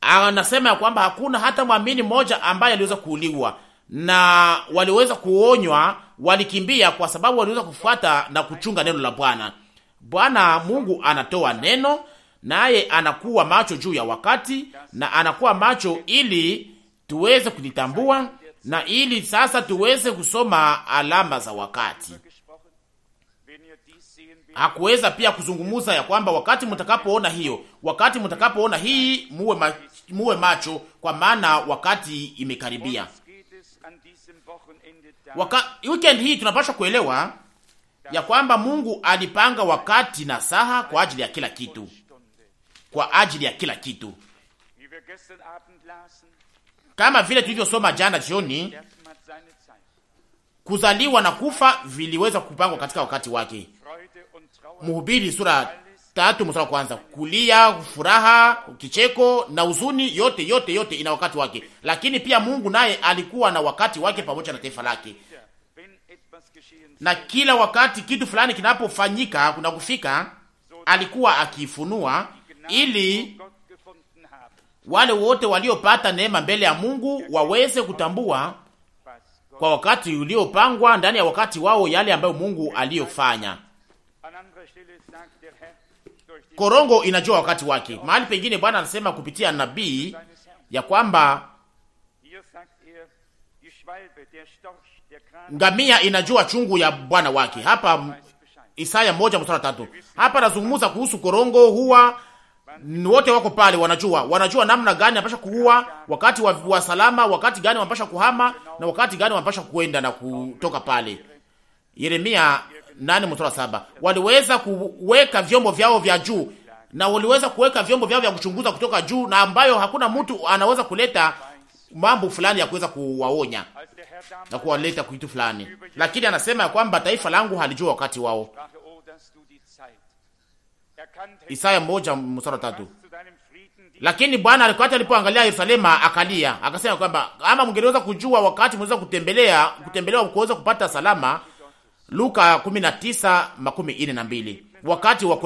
S2: anasema ya kwamba hakuna hata mwamini mmoja ambaye aliweza kuuliwa, na waliweza kuonywa, walikimbia kwa sababu waliweza kufuata na kuchunga neno la Bwana. Bwana Mungu anatoa neno naye anakuwa macho juu ya wakati na anakuwa macho ili tuweze kulitambua na ili sasa tuweze kusoma alama za wakati. Hakuweza pia kuzungumza ya kwamba wakati mtakapoona hiyo, wakati mtakapoona hii, muwe ma, muwe macho, kwa maana wakati imekaribia. Waka, weekend hii tunapaswa kuelewa ya kwamba Mungu alipanga wakati na saha kwa ajili ya kila kitu, kwa ajili ya kila kitu, kama vile tulivyosoma jana jioni, kuzaliwa na kufa viliweza kupangwa katika wakati wake. Mhubiri sura tatu mstari wa kwanza. Kulia, furaha, kicheko na huzuni, yote yote yote ina wakati wake, lakini pia Mungu naye alikuwa na wakati wake pamoja na taifa lake, na kila wakati kitu fulani kinapofanyika kuna kufika, alikuwa akifunua ili wale wote waliopata neema mbele ya Mungu waweze kutambua kwa wakati uliopangwa ndani ya wakati wao yale ambayo Mungu aliyofanya. Korongo inajua wakati wake. Mahali pengine Bwana anasema kupitia nabii ya kwamba ngamia inajua chungu ya bwana wake. Hapa Isaya moja mstari tatu. Hapa anazungumza kuhusu korongo, huwa wote wako pale, wanajua wanajua namna gani wanapasha kuua, wakati wa salama, wakati gani wanapasha kuhama na wakati gani wanapasha kuenda na kutoka pale. Yeremia nane mstari wa saba waliweza kuweka vyombo vyao vya juu na waliweza kuweka vyombo vyao vya kuchunguza kutoka juu, na ambayo hakuna mtu anaweza kuleta mambo fulani ya kuweza kuwaonya na kuwaleta kitu fulani, lakini anasema ya kwamba taifa langu halijua wakati wao. Isaya moja mstari tatu. Lakini Bwana alikati alipoangalia Yerusalema akalia akasema kwamba ama mngeweza kujua wakati mweza kutembelea kutembelewa kuweza kupata salama Luka 19:42 wakati wa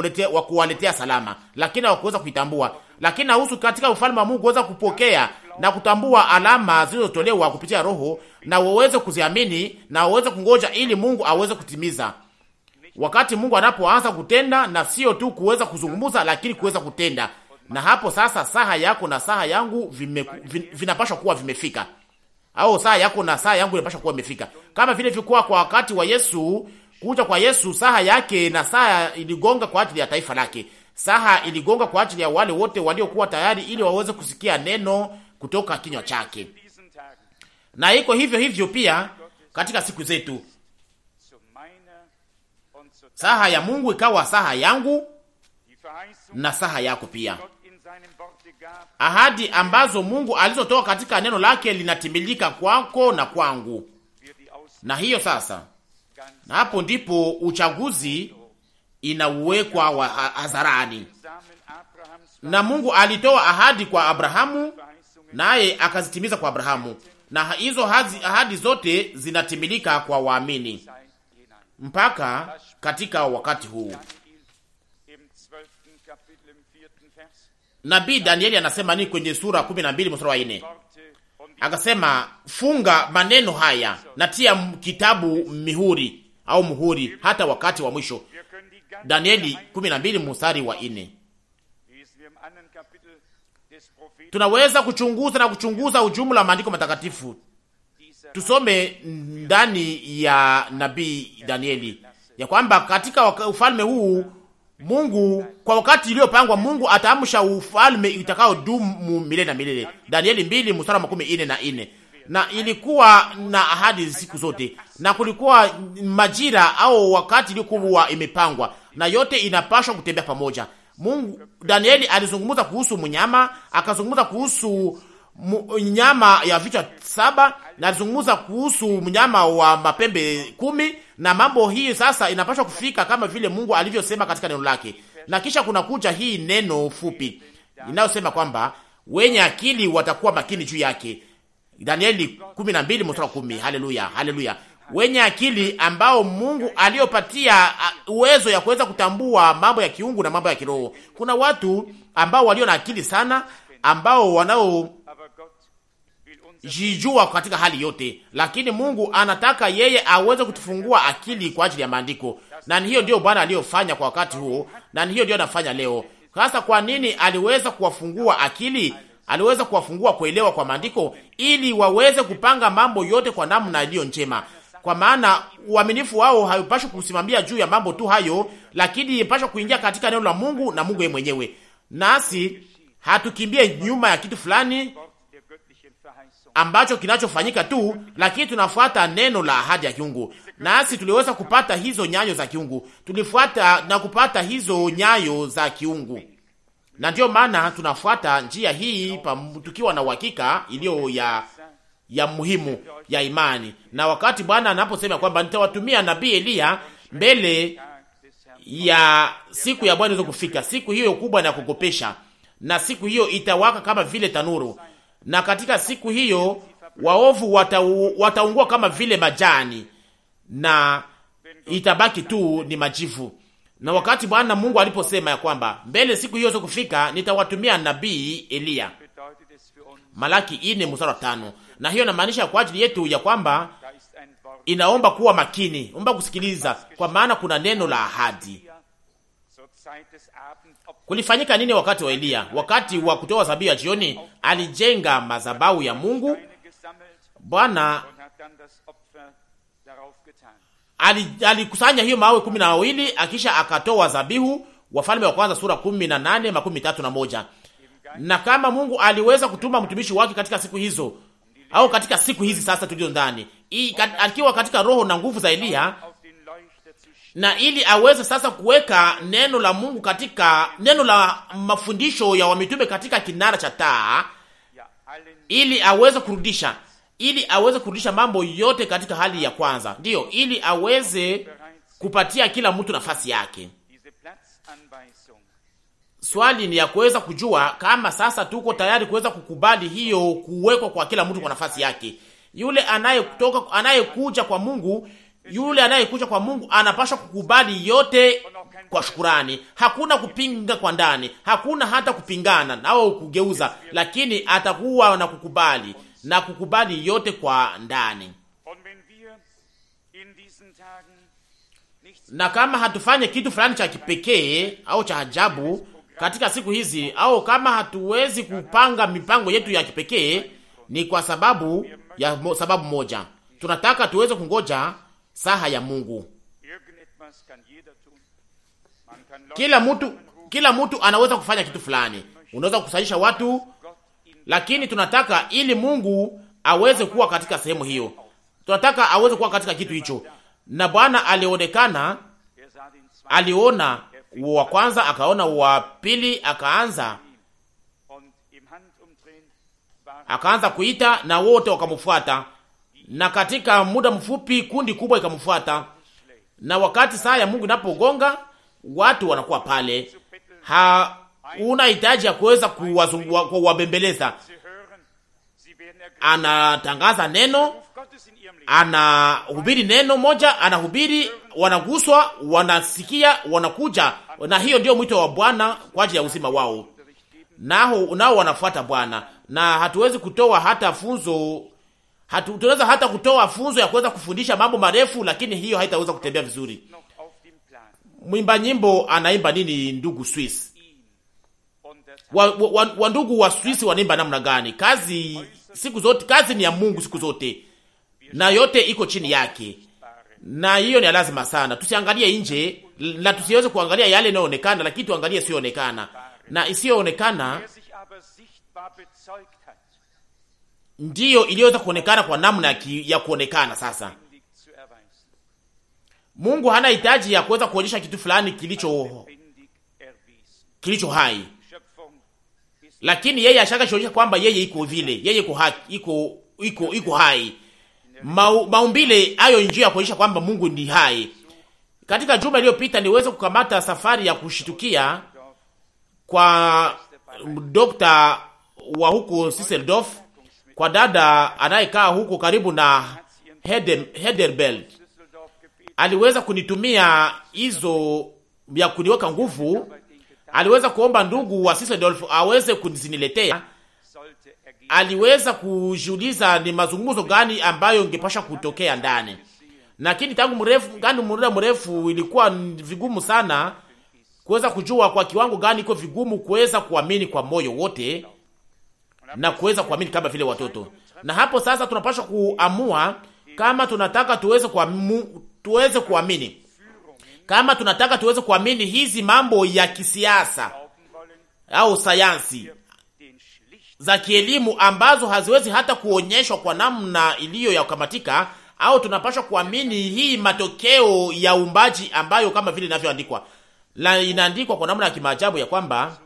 S2: kuwaletea salama, lakini hawakuweza kuitambua. Lakini nahusu katika ufalme wa Mungu waweza kupokea na kutambua alama zilizotolewa kupitia Roho na waweze kuziamini na waweze kungoja ili Mungu aweze kutimiza wakati Mungu anapoanza kutenda, na sio tu kuweza kuzungumza, lakini kuweza kutenda. Na hapo sasa, saha yako na saha yangu vime, vinapashwa kuwa vimefika au saa yako na saa yangu inapaswa kuwa imefika, kama vile vilikuwa kwa wakati wa Yesu. Kuja kwa Yesu, saa yake na saa iligonga kwa ajili ya taifa lake, saa iligonga kwa ajili ya wale wote waliokuwa tayari, ili waweze kusikia neno kutoka kinywa chake. Na iko hivyo hivyo pia katika siku zetu, saha ya Mungu ikawa saha yangu na saha yako pia ahadi ambazo Mungu alizotoa katika neno lake linatimilika kwako na kwangu. Na hiyo sasa, na hapo ndipo uchaguzi inawekwa hadharani, na Mungu alitoa ahadi kwa Abrahamu naye akazitimiza kwa Abrahamu, na hizo ahadi zote zinatimilika kwa waamini mpaka katika wakati huu. nabii Danieli anasema nini kwenye sura 12 mstari wa 4? Akasema, funga maneno haya na tia kitabu mihuri au muhuri hata wakati wa mwisho. Danieli 12 mstari wa 4. Tunaweza kuchunguza na kuchunguza ujumla wa maandiko matakatifu. Tusome ndani ya nabii Danieli ya kwamba katika ufalme huu Mungu kwa wakati iliyopangwa, Mungu ataamsha ufalme itakao dumu milele na milele. Danieli mbili mstari makumi ine na ine. Na ilikuwa na ahadi siku zote, na kulikuwa majira au wakati iliyokuwa imepangwa, na yote inapashwa kutembea pamoja. Mungu Danieli alizungumza kuhusu mnyama, akazungumza kuhusu mnyama ya vichwa saba nazungumza kuhusu mnyama wa mapembe kumi, na mambo hii sasa inapaswa kufika kama vile Mungu alivyosema katika neno lake. Na kisha kuna kuja hii neno fupi inayosema kwamba wenye akili watakuwa makini juu yake, Danieli 12 mstari wa 10. Haleluya, haleluya! Wenye akili ambao Mungu aliyopatia uh, uwezo ya kuweza kutambua mambo ya kiungu na mambo ya kiroho. Kuna watu ambao walio na akili sana ambao wanao jijua katika hali yote, lakini Mungu anataka yeye aweze kutufungua akili kwa ajili ya maandiko, na hiyo ndio Bwana aliyofanya kwa wakati huo, na hiyo ndio anafanya leo. Sasa kwa nini aliweza kuwafungua akili? Aliweza kuwafungua kuelewa kwa maandiko, ili waweze kupanga mambo yote kwa namna iliyo njema, kwa maana uaminifu wao haupashwi kusimamia juu ya mambo tu hayo, lakini ipashwa kuingia katika neno la Mungu na Mungu yeye mwenyewe. Nasi hatukimbie nyuma ya kitu fulani ambacho kinachofanyika tu, lakini tunafuata neno la ahadi ya kiungu, nasi tuliweza kupata hizo nyayo za kiungu, tulifuata na kupata hizo nyayo za kiungu, na ndiyo maana tunafuata njia hii tukiwa na uhakika iliyo ya ya muhimu ya imani. Na wakati Bwana anaposema kwamba nitawatumia nabii Eliya mbele ya siku ya Bwana iweze kufika, siku hiyo kubwa na kukopesha, na siku hiyo itawaka kama vile tanuru na katika siku hiyo waovu wataungua wata kama vile majani na itabaki tu ni majivu. Na wakati Bwana Mungu aliposema ya kwamba mbele siku hiyo zokufika nitawatumia nabii Eliya, Malaki ine musara tano. Na hiyo inamaanisha kwa ajili yetu ya kwamba inaomba kuwa makini, omba kusikiliza, kwa maana kuna neno la ahadi Kulifanyika nini wakati wa Eliya? Wakati wa kutoa zabihu ya jioni, alijenga madhabahu ya Mungu. Bwana alikusanya hiyo mawe kumi na wawili, akisha akatoa zabihu. Wafalme wa kwanza sura kumi na nane makumi tatu na moja. Na kama Mungu aliweza kutuma mtumishi wake katika siku hizo au katika siku hizi sasa tulizo ndani, akiwa katika roho na nguvu za Eliya, na ili aweze sasa kuweka neno la Mungu katika neno la mafundisho ya wamitume katika kinara cha taa, ili aweze kurudisha, ili aweze kurudisha mambo yote katika hali ya kwanza, ndiyo, ili aweze kupatia kila mtu nafasi yake. Swali ni ya kuweza kujua kama sasa tuko tayari kuweza kukubali hiyo kuwekwa kwa kila mtu kwa nafasi yake. Yule anayekutoka anayekuja kwa Mungu yule anayekuja kwa Mungu anapaswa kukubali yote kwa shukurani. Hakuna kupinga kwa ndani, hakuna hata kupingana nao kugeuza, lakini atakuwa na kukubali na kukubali yote kwa ndani. Na kama hatufanye kitu fulani cha kipekee au cha ajabu katika siku hizi, au kama hatuwezi kupanga mipango yetu ya kipekee, ni kwa sababu ya sababu moja, tunataka tuweze kungoja saha ya Mungu.
S3: Kila mtu,
S2: kila mtu anaweza kufanya kitu fulani. Unaweza kukusanyisha watu, lakini tunataka ili Mungu aweze kuwa katika sehemu hiyo, tunataka aweze kuwa katika kitu hicho. Na Bwana alionekana, aliona wa kwanza, akaona wa pili, akaanza akaanza kuita na wote wakamfuata na katika muda mfupi kundi kubwa ikamfuata, na wakati saa ya Mungu inapogonga watu wanakuwa pale, hauna hitaji ya kuweza kuwabembeleza. Anatangaza neno, anahubiri neno moja, anahubiri, wanaguswa, wanasikia, wanakuja, na hiyo ndio mwito wa Bwana kwa ajili ya uzima wao, nao nao wanafuata Bwana, na hatuwezi kutoa hata funzo Tunaweza hata kutoa funzo ya kuweza kufundisha mambo marefu, lakini hiyo haitaweza kutembea vizuri. Mwimba nyimbo anaimba nini? Ndugu Swiss Wa, wa, wa, wa, wa Swiss wanaimba namna gani? Kazi siku zote, kazi ni ya Mungu siku zote, na yote iko chini yake, na hiyo ni lazima sana. Tusiangalie nje na tusiweze kuangalia yale yanayoonekana, lakini tuangalie isiyoonekana, na isiyoonekana ndiyo iliyoweza kuonekana kwa namna ya kuonekana. Sasa Mungu hana hitaji ya kuweza kuonyesha kitu fulani kilicho kilicho hai, lakini yeye ashaka shionyesha kwamba yeye iko vile, yeye iko iko iko iko hai. Mau, maumbile hayo njia ya kuonyesha kwamba Mungu ni hai. Katika juma iliyopita niweze kukamata safari ya kushitukia kwa dokta wa huko Sisseldorf kwa dada anayekaa huko karibu na Hederbel aliweza kunitumia hizo ya kuniweka nguvu. Aliweza kuomba ndugu wa Sisendolf aweze kuniziniletea. Aliweza kujiuliza ni mazungumzo gani ambayo ingepasha kutokea ndani, lakini tangu mrefu gani muda mrefu ilikuwa vigumu sana kuweza kujua kwa kiwango gani iko vigumu kuweza kuamini kwa moyo wote na kuweza kuamini kama vile watoto. Na hapo sasa tunapaswa kuamua kama tunataka tuweze kuamu, tuweze kuamini kama tunataka tuweze kuamini hizi mambo ya kisiasa au sayansi za kielimu ambazo haziwezi hata kuonyeshwa kwa namna iliyo ya kukamatika, au tunapaswa kuamini hii matokeo ya uumbaji ambayo kama vile inavyoandikwa na inaandikwa kwa namna ya kimaajabu ya kwamba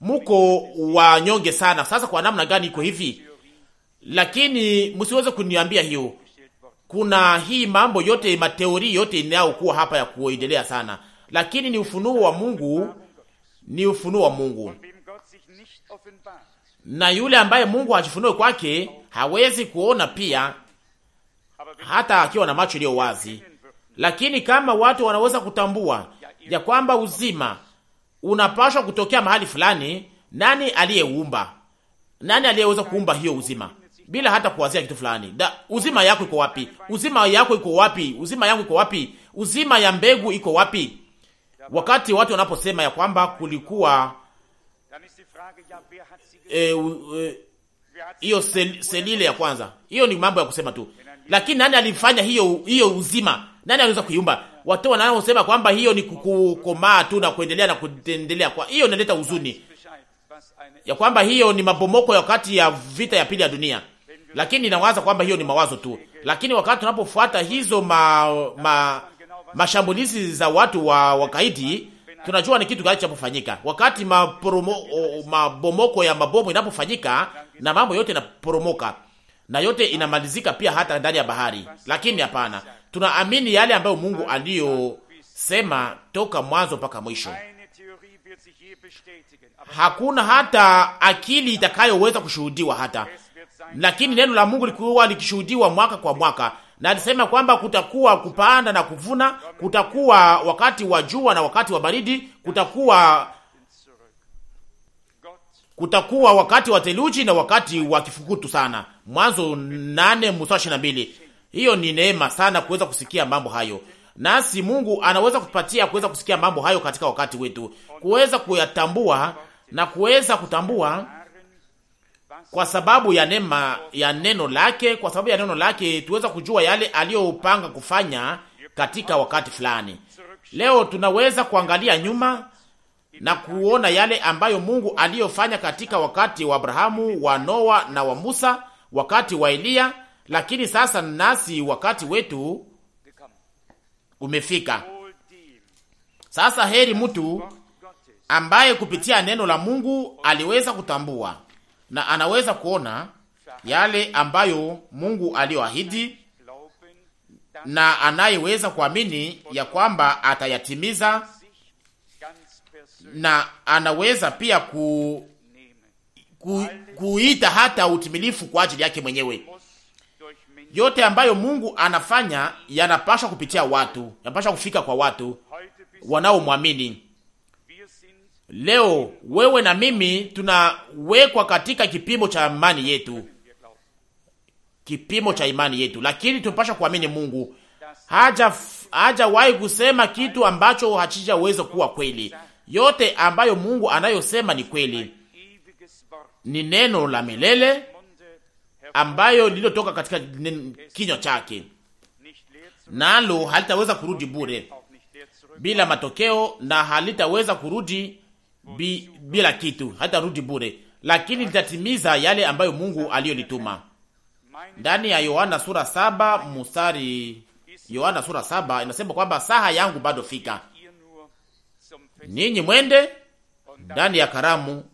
S2: muko wanyonge sana. Sasa kwa namna gani iko hivi? Lakini msiweze kuniambia hiyo. Kuna hii mambo yote, mateori yote inayokuwa hapa ya kuendelea sana, lakini ni ufunuo wa Mungu, ni ufunuo wa Mungu. Na yule ambaye Mungu hajifunue kwake hawezi kuona pia, hata akiwa na macho iliyo wazi. Lakini kama watu wanaweza kutambua ya kwamba uzima unapashwa kutokea mahali fulani. Nani aliyeumba? Nani aliyeweza kuumba hiyo uzima bila hata kuwazia kitu fulani? Da, uzima yako iko wapi? Uzima yako iko wapi? Uzima yangu iko wapi? Uzima ya mbegu iko wapi? Wakati watu wanaposema ya kwamba kulikuwa eh, eh, hiyo e, e, selile ya kwanza, hiyo ni mambo ya kusema tu. Lakini nani alifanya hiyo hiyo uzima? Nani aliweza kuiumba? Watu wanaosema kwamba hiyo ni kukomaa tu na kuendelea na kuendelea, kwa hiyo inaleta huzuni ya kwamba hiyo ni mabomoko ya wakati ya vita ya pili ya dunia, lakini inawaza kwamba hiyo ni mawazo tu. Lakini wakati tunapofuata hizo ma, ma, mashambulizi za watu wa wakaidi, tunajua ni kitu gani kinapofanyika wakati maporomo, mabomoko ya mabomu inapofanyika na mambo yote yanaporomoka na yote inamalizika pia hata ndani ya bahari. Lakini hapana, tunaamini yale ambayo Mungu aliyosema toka mwanzo mpaka mwisho. Hakuna hata akili itakayoweza kushuhudiwa hata, lakini neno la Mungu likuwa likishuhudiwa mwaka kwa mwaka, na alisema kwamba kutakuwa kupanda na kuvuna, kutakuwa wakati wa jua na wakati wa baridi, kutakuwa kutakuwa wakati wa theluji na wakati wa kifukutu sana. Mwanzo nane mstari ishirini na mbili. Hiyo ni neema sana kuweza kusikia mambo hayo, nasi Mungu anaweza kutupatia kuweza kusikia mambo hayo katika wakati wetu, kuweza kuyatambua na kuweza kutambua kwa sababu ya neema ya neno lake. Kwa sababu ya neno lake tuweza kujua yale aliyopanga kufanya katika wakati fulani. Leo tunaweza kuangalia nyuma na kuona yale ambayo Mungu aliyofanya katika wakati wa Abrahamu, wa Noa na wa Musa wakati wa Eliya, lakini sasa nasi wakati wetu umefika. Sasa heri mtu ambaye kupitia neno la Mungu aliweza kutambua na anaweza kuona yale ambayo Mungu aliyoahidi na anayeweza kuamini ya kwamba atayatimiza, na anaweza pia ku, ku kuita hata utimilifu kwa ajili yake mwenyewe. Yote ambayo Mungu anafanya yanapaswa kupitia watu, yanapaswa kufika kwa watu wanaomwamini. Leo wewe na mimi tunawekwa katika kipimo cha imani yetu, kipimo cha imani yetu, lakini tunapaswa kuamini Mungu. Haja hajawahi kusema kitu ambacho hakijaweza kuwa kweli. Yote ambayo Mungu anayosema ni kweli ni neno la milele ambayo lililotoka katika kinywa chake, nalo halitaweza kurudi bure bila matokeo, na halitaweza kurudi bi, bila kitu, halitarudi bure, lakini litatimiza yale ambayo Mungu aliyolituma. Ndani ya Yohana sura saba mstari Yohana sura saba inasema kwamba saha yangu bado fika, ninyi mwende ndani ya karamu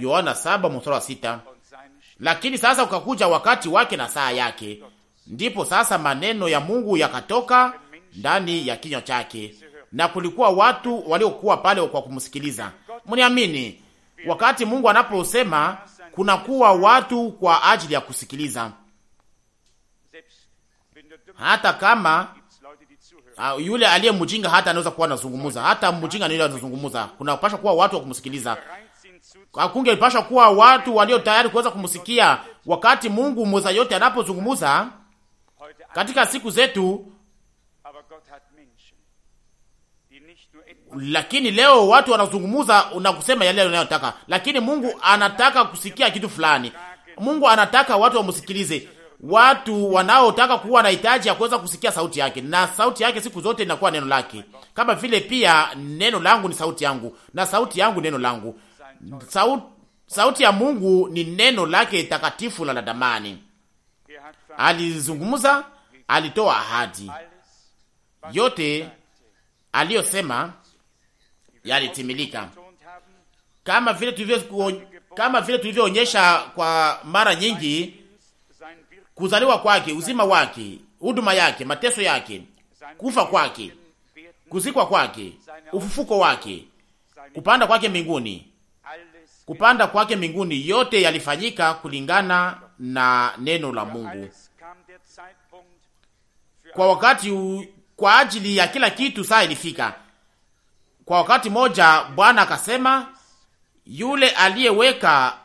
S2: Yohana saba mstari wa sita. Lakini sasa ukakuja wakati wake na saa yake, ndipo sasa maneno ya Mungu yakatoka ndani ya kinywa chake, na kulikuwa watu waliokuwa pale kwa kumsikiliza. Mniamini, wakati Mungu anaposema kunakuwa watu kwa ajili ya kusikiliza, hata kama ah, yule aliye mjinga hata anaweza kuwa anazungumza, hata mjinga ndiye anazungumza. Kunapasha kuwa watu wa kumsikiliza, Hakungelipasha kuwa watu walio tayari kuweza kumsikia wakati Mungu mweza yote anapozungumza katika siku zetu. Lakini leo watu wanazungumza na kusema yale wanayotaka, lakini Mungu anataka kusikia kitu fulani. Mungu anataka watu wamsikilize, watu wanaotaka kuwa na hitaji ya kuweza kusikia sauti yake, na sauti yake siku zote inakuwa neno lake, kama vile pia neno langu ni sauti yangu na sauti yangu neno langu sauti, sauti ya Mungu ni neno lake takatifu na la damani. Alizungumza, alitoa ahadi yote aliyosema yalitimilika, kama vile tulivyo kama vile tulivyoonyesha kwa mara nyingi. Kuzaliwa kwake, uzima wake, huduma yake, mateso yake, kufa kwake, kuzikwa kwake, ufufuko wake, kupanda kwake mbinguni, kupanda kwake mbinguni, yote yalifanyika kulingana na neno la Mungu kwa wakati u, kwa ajili ya kila kitu. Saa ilifika kwa wakati moja, Bwana akasema, yule aliyeweka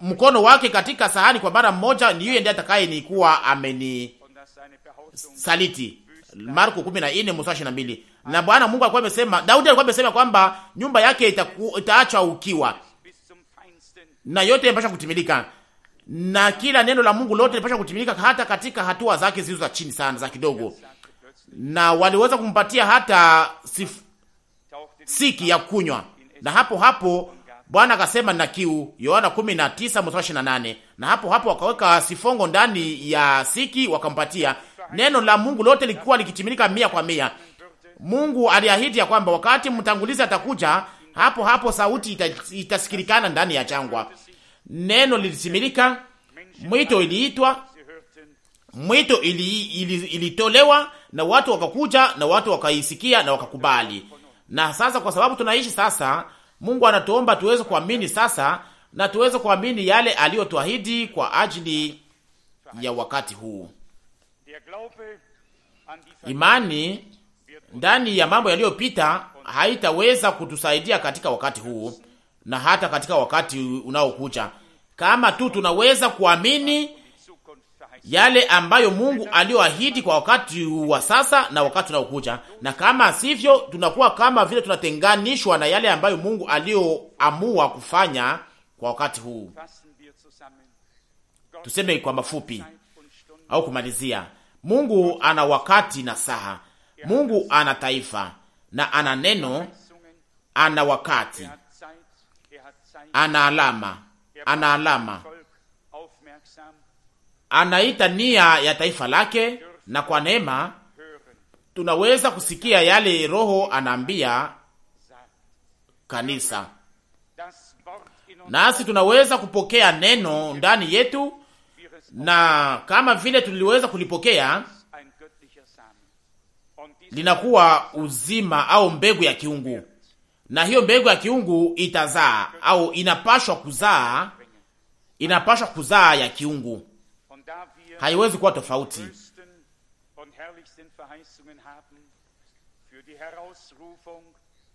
S2: mkono wake katika sahani kwa mara mmoja ni yeye ndiye atakaye kuwa ameni saliti Marko 14 mstari 22. Na Bwana Mungu alikuwa amesema, Daudi alikuwa amesema kwamba nyumba yake itaku, itaachwa ukiwa. Na yote yanapaswa kutimilika. Na kila neno la Mungu lote lipasha kutimilika hata katika hatua zake zilizo za chini sana za kidogo. Na waliweza kumpatia hata sif, siki ya kunywa. Na hapo hapo Bwana akasema na kiu, Yohana 19 mstari 28. Na hapo hapo wakaweka sifongo ndani ya siki wakampatia Neno la Mungu lote likuwa likitimilika mia kwa mia. Mungu aliahidi ya kwamba wakati mtangulizi atakuja, hapo hapo sauti ita, itasikilikana ndani ya changwa. Neno lilitimilika, mwito iliitwa, mwito ili, ili, ilitolewa na watu wakakuja na watu wakaisikia na wakakubali. Na sasa kwa sababu tunaishi sasa, Mungu anatuomba tuweze kuamini sasa na tuweze kuamini yale aliyotuahidi kwa ajili ya wakati huu. Imani ndani ya mambo yaliyopita haitaweza kutusaidia katika wakati huu na hata katika wakati unaokuja, kama tu tunaweza kuamini yale ambayo Mungu aliyoahidi kwa wakati wa sasa na wakati unaokuja, na kama sivyo, tunakuwa kama vile tunatenganishwa na yale ambayo Mungu aliyoamua kufanya kwa wakati huu. Tuseme kwa mafupi au kumalizia, Mungu ana wakati na saha, Mungu ana taifa na ana neno, ana wakati, ana alama, ana alama, anaita nia ya taifa lake, na kwa neema tunaweza kusikia yale Roho anaambia kanisa, nasi tunaweza kupokea neno ndani yetu na kama vile tuliweza kulipokea linakuwa uzima au mbegu ya kiungu, na hiyo mbegu ya kiungu itazaa au inapashwa kuzaa, inapashwa kuzaa ya kiungu, haiwezi kuwa tofauti.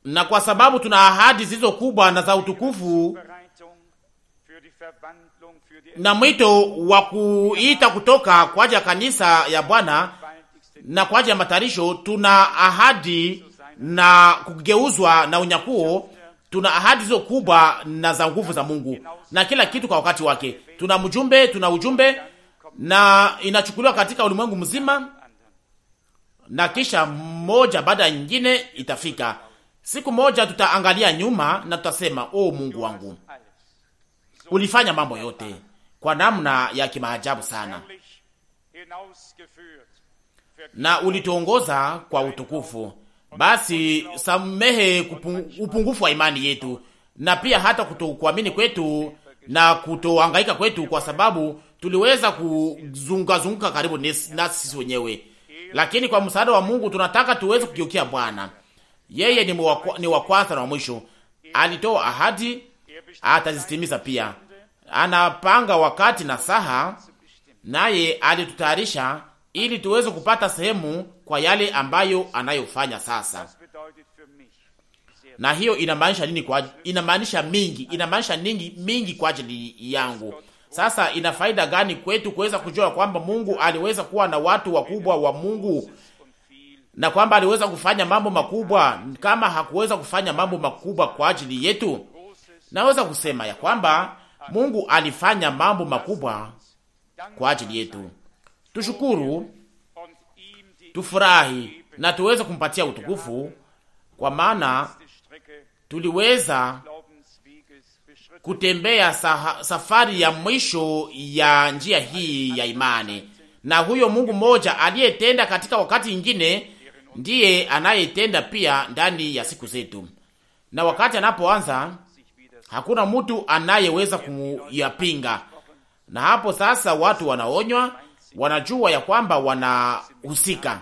S2: Na kwa sababu tuna ahadi zilizo kubwa na za utukufu na mwito wa kuita kutoka kwa ajili ya kanisa ya Bwana na kwa ajili ya matarisho. Tuna ahadi na kugeuzwa na unyakuo, tuna ahadi hizo kubwa na za nguvu za Mungu na kila kitu kwa wakati wake. Tuna mjumbe, tuna ujumbe na inachukuliwa katika ulimwengu mzima, na kisha moja baada ya nyingine itafika. Siku moja tutaangalia nyuma na tutasema, oh Mungu wangu ulifanya mambo yote kwa namna ya kimaajabu sana, na ulituongoza kwa utukufu. Basi samehe upungufu wa imani yetu na pia hata kutokuamini kwetu na kutohangaika kwetu, kwa sababu tuliweza kuzungazunguka karibu nasi sisi wenyewe, lakini kwa msaada wa Mungu tunataka tuweze kugeukia Bwana. Yeye ni wa kwanza na wa mwisho, alitoa ahadi atazitimiza pia anapanga wakati na saha, naye alitutayarisha ili tuweze kupata sehemu kwa yale ambayo anayofanya sasa. Na hiyo inamaanisha nini? Kwa inamaanisha mingi, inamaanisha ningi mingi kwa ajili yangu. Sasa ina faida gani kwetu kuweza kujua kwamba Mungu aliweza kuwa na watu wakubwa wa Mungu na kwamba aliweza kufanya mambo makubwa kama hakuweza kufanya mambo makubwa kwa ajili yetu? Naweza kusema ya kwamba Mungu alifanya mambo makubwa kwa ajili yetu. Tushukuru, tufurahi na tuweze kumpatia utukufu, kwa maana tuliweza kutembea safari ya mwisho ya njia hii ya imani, na huyo Mungu mmoja aliyetenda katika wakati ingine ndiye anayetenda pia ndani ya siku zetu, na wakati anapoanza hakuna mtu anayeweza kuyapinga. Na hapo sasa watu wanaonywa, wanajua ya kwamba wanahusika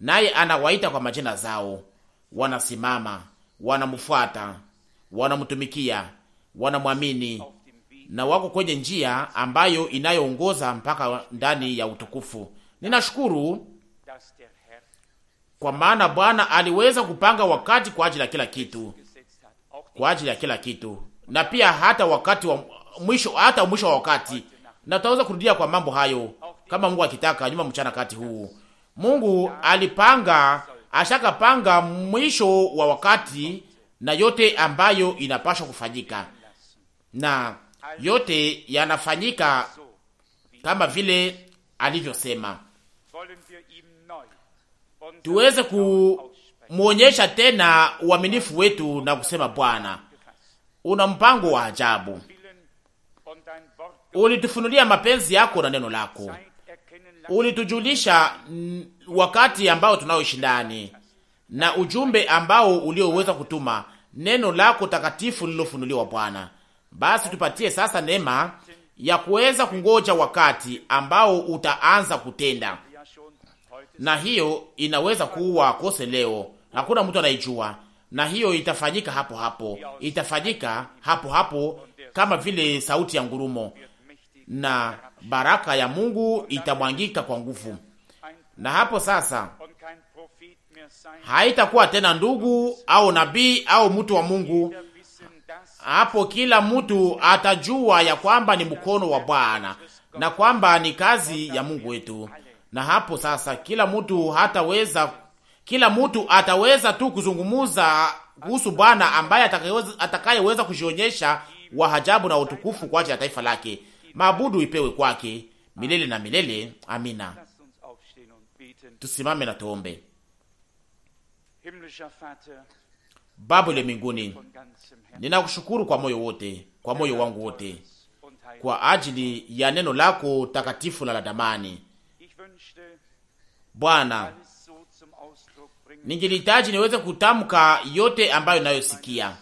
S2: naye, anawaita kwa majina zao, wanasimama, wanamfuata, wanamtumikia, wanamwamini na wako kwenye njia ambayo inayoongoza mpaka ndani ya utukufu. Ninashukuru kwa maana Bwana aliweza kupanga wakati kwa ajili ya kila kitu, kwa ajili ya kila kitu, na pia hata wakati wa mwisho, hata mwisho wa wakati, na tutaweza kurudia kwa mambo hayo kama Mungu akitaka, nyuma mchana kati huu. Mungu alipanga, ashakapanga mwisho wa wakati na yote ambayo inapaswa kufanyika, na yote yanafanyika kama vile alivyosema. Tuweze kumwonyesha tena uaminifu wetu na kusema Bwana una mpango wa ajabu, ulitufunulia mapenzi yako na neno lako, ulitujulisha wakati ambao tunaoishi ndani na ujumbe ambao ulioweza kutuma neno lako takatifu lilofunuliwa Bwana, basi tupatie sasa neema ya kuweza kungoja wakati ambao utaanza kutenda, na hiyo inaweza kuwa kose leo, hakuna mtu anaijua, na hiyo itafanyika hapo hapo, itafanyika hapo hapo kama vile sauti ya ngurumo, na baraka ya Mungu itamwangika kwa nguvu. Na hapo sasa haitakuwa tena ndugu au nabii au mtu wa Mungu. Hapo kila mtu atajua ya kwamba ni mkono wa Bwana na kwamba ni kazi ya Mungu wetu, na hapo sasa kila mtu hataweza kila mtu ataweza tu kuzungumuza kuhusu Bwana ambaye atakayeweza kujionyesha wahajabu na utukufu kwa ajili ya taifa lake. Maabudu ipewe kwake milele na milele. Amina. Tusimame na tuombe. Baba ya mbinguni, ninakushukuru kwa moyo wote, kwa moyo wangu wote, kwa ajili ya neno lako takatifu na la damani Bwana ningelihitaji niweze kutamka yote ambayo inayosikia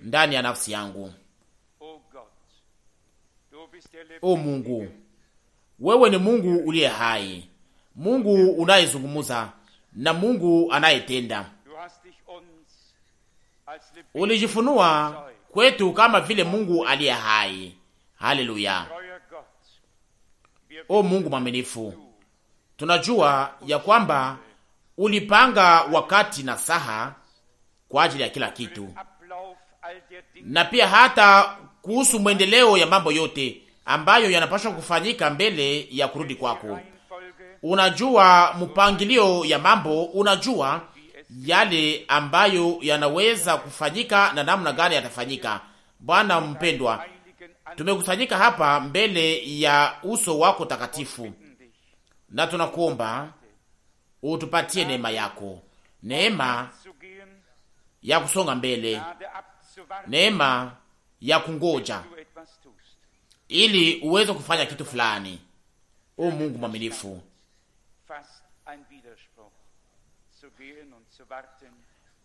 S2: ndani ya nafsi yangu. O Mungu, wewe ni Mungu uliye hai, Mungu unayezungumuza na Mungu anayetenda. Ulijifunua kwetu kama vile Mungu aliye hai. Haleluya! O Mungu mwaminifu, tunajua ya kwamba ulipanga wakati na saha kwa ajili ya kila kitu, na pia hata kuhusu mwendeleo ya mambo yote ambayo yanapaswa kufanyika mbele ya kurudi kwako. Unajua mpangilio ya mambo, unajua yale ambayo yanaweza kufanyika na namna gani yatafanyika. Bwana mpendwa, tumekusanyika hapa mbele ya uso wako takatifu, na tunakuomba utupatie neema yako, neema ya kusonga mbele, neema ya kungoja ili uweze kufanya kitu fulani. O Mungu mwaminifu,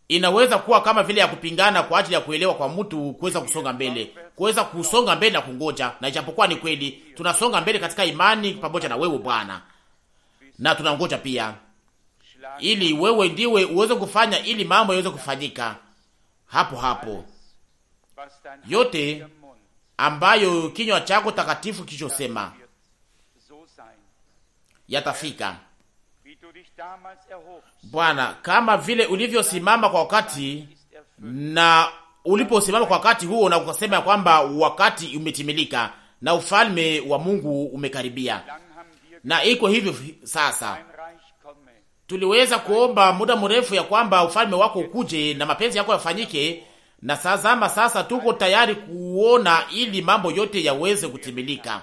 S2: inaweza kuwa kama vile ya kupingana kwa ajili ya kuelewa kwa mtu kuweza kusonga mbele, kuweza kusonga mbele na kungoja. Na ijapokuwa ni kweli tunasonga mbele katika imani pamoja na wewe Bwana, na tunangoja pia ili wewe ndiwe uweze kufanya ili mambo yaweze kufanyika hapo hapo. Yote ambayo kinywa chako takatifu kichosema yatafika. Bwana, kama vile ulivyosimama kwa wakati na uliposimama kwa wakati huo na ukasema ya kwamba wakati umetimilika na ufalme wa Mungu umekaribia, na iko hivyo sasa tuliweza kuomba muda mrefu ya kwamba ufalme wako ukuje na mapenzi yako yafanyike, na sazama sasa tuko tayari kuona ili mambo yote yaweze kutimilika.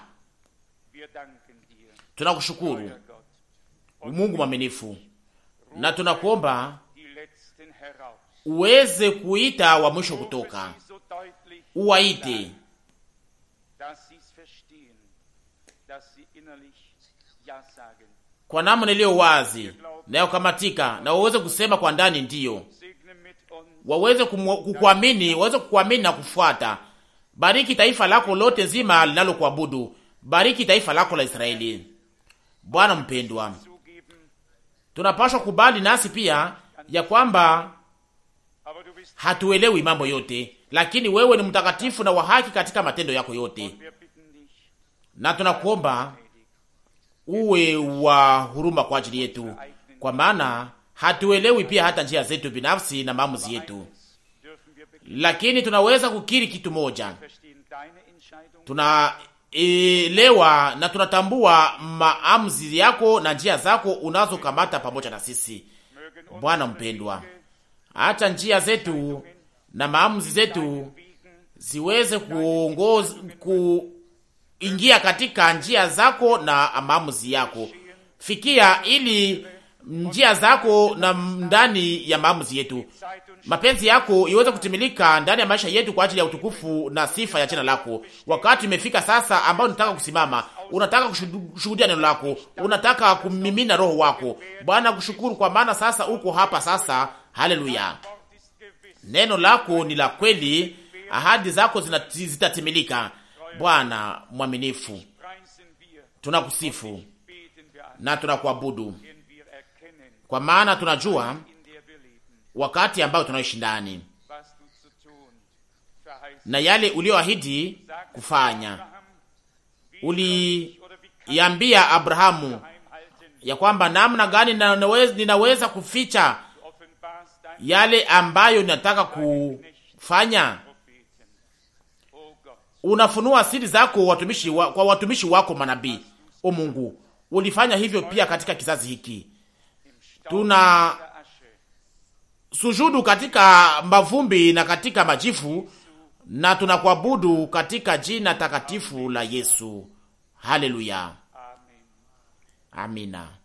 S2: Tunakushukuru Mungu mwaminifu, na tunakuomba uweze kuita wa mwisho kutoka,
S1: uwaite
S2: kwa namna iliyo wazi nayokamatika, na waweze kusema kwa ndani ndiyo, waweze kukuamini, waweze kukuamini na kufuata. Bariki taifa lako lote nzima linalokuabudu, bariki taifa lako la Israeli. Bwana mpendwa, tunapaswa kubali nasi pia ya kwamba hatuelewi mambo yote, lakini wewe ni mtakatifu na wa haki katika matendo yako yote, na tunakuomba uwe wa huruma kwa ajili yetu kwa maana hatuelewi pia hata njia zetu binafsi na maamuzi yetu, lakini tunaweza kukiri kitu moja, tunaelewa na tunatambua maamuzi yako na njia zako unazokamata pamoja na sisi. Bwana mpendwa, acha njia zetu na maamuzi zetu ziweze kuongoza kuingia katika njia zako na maamuzi yako fikia, ili njia zako na ndani ya maamuzi yetu, mapenzi yako iweze kutimilika ndani ya maisha yetu kwa ajili ya utukufu na sifa ya jina lako. Wakati umefika sasa ambao nitaka kusimama, unataka kushuhudia neno lako, unataka kumimina roho wako. Bwana, kushukuru kwa maana sasa uko hapa sasa. Haleluya, neno lako ni la kweli, ahadi zako zitatimilika. Bwana mwaminifu, tunakusifu na tunakuabudu kwa maana tunajua wakati ambao tunaishi ndani na yale ulioahidi kufanya. Uliambia Abrahamu ya kwamba namna gani ninaweza kuficha yale ambayo ninataka kufanya. Unafunua siri zako watumishi wa, kwa watumishi wako manabii. O Mungu, ulifanya hivyo pia katika kizazi hiki tuna sujudu katika mavumbi na katika majifu na tunakuabudu katika jina takatifu la Yesu. Haleluya, amina.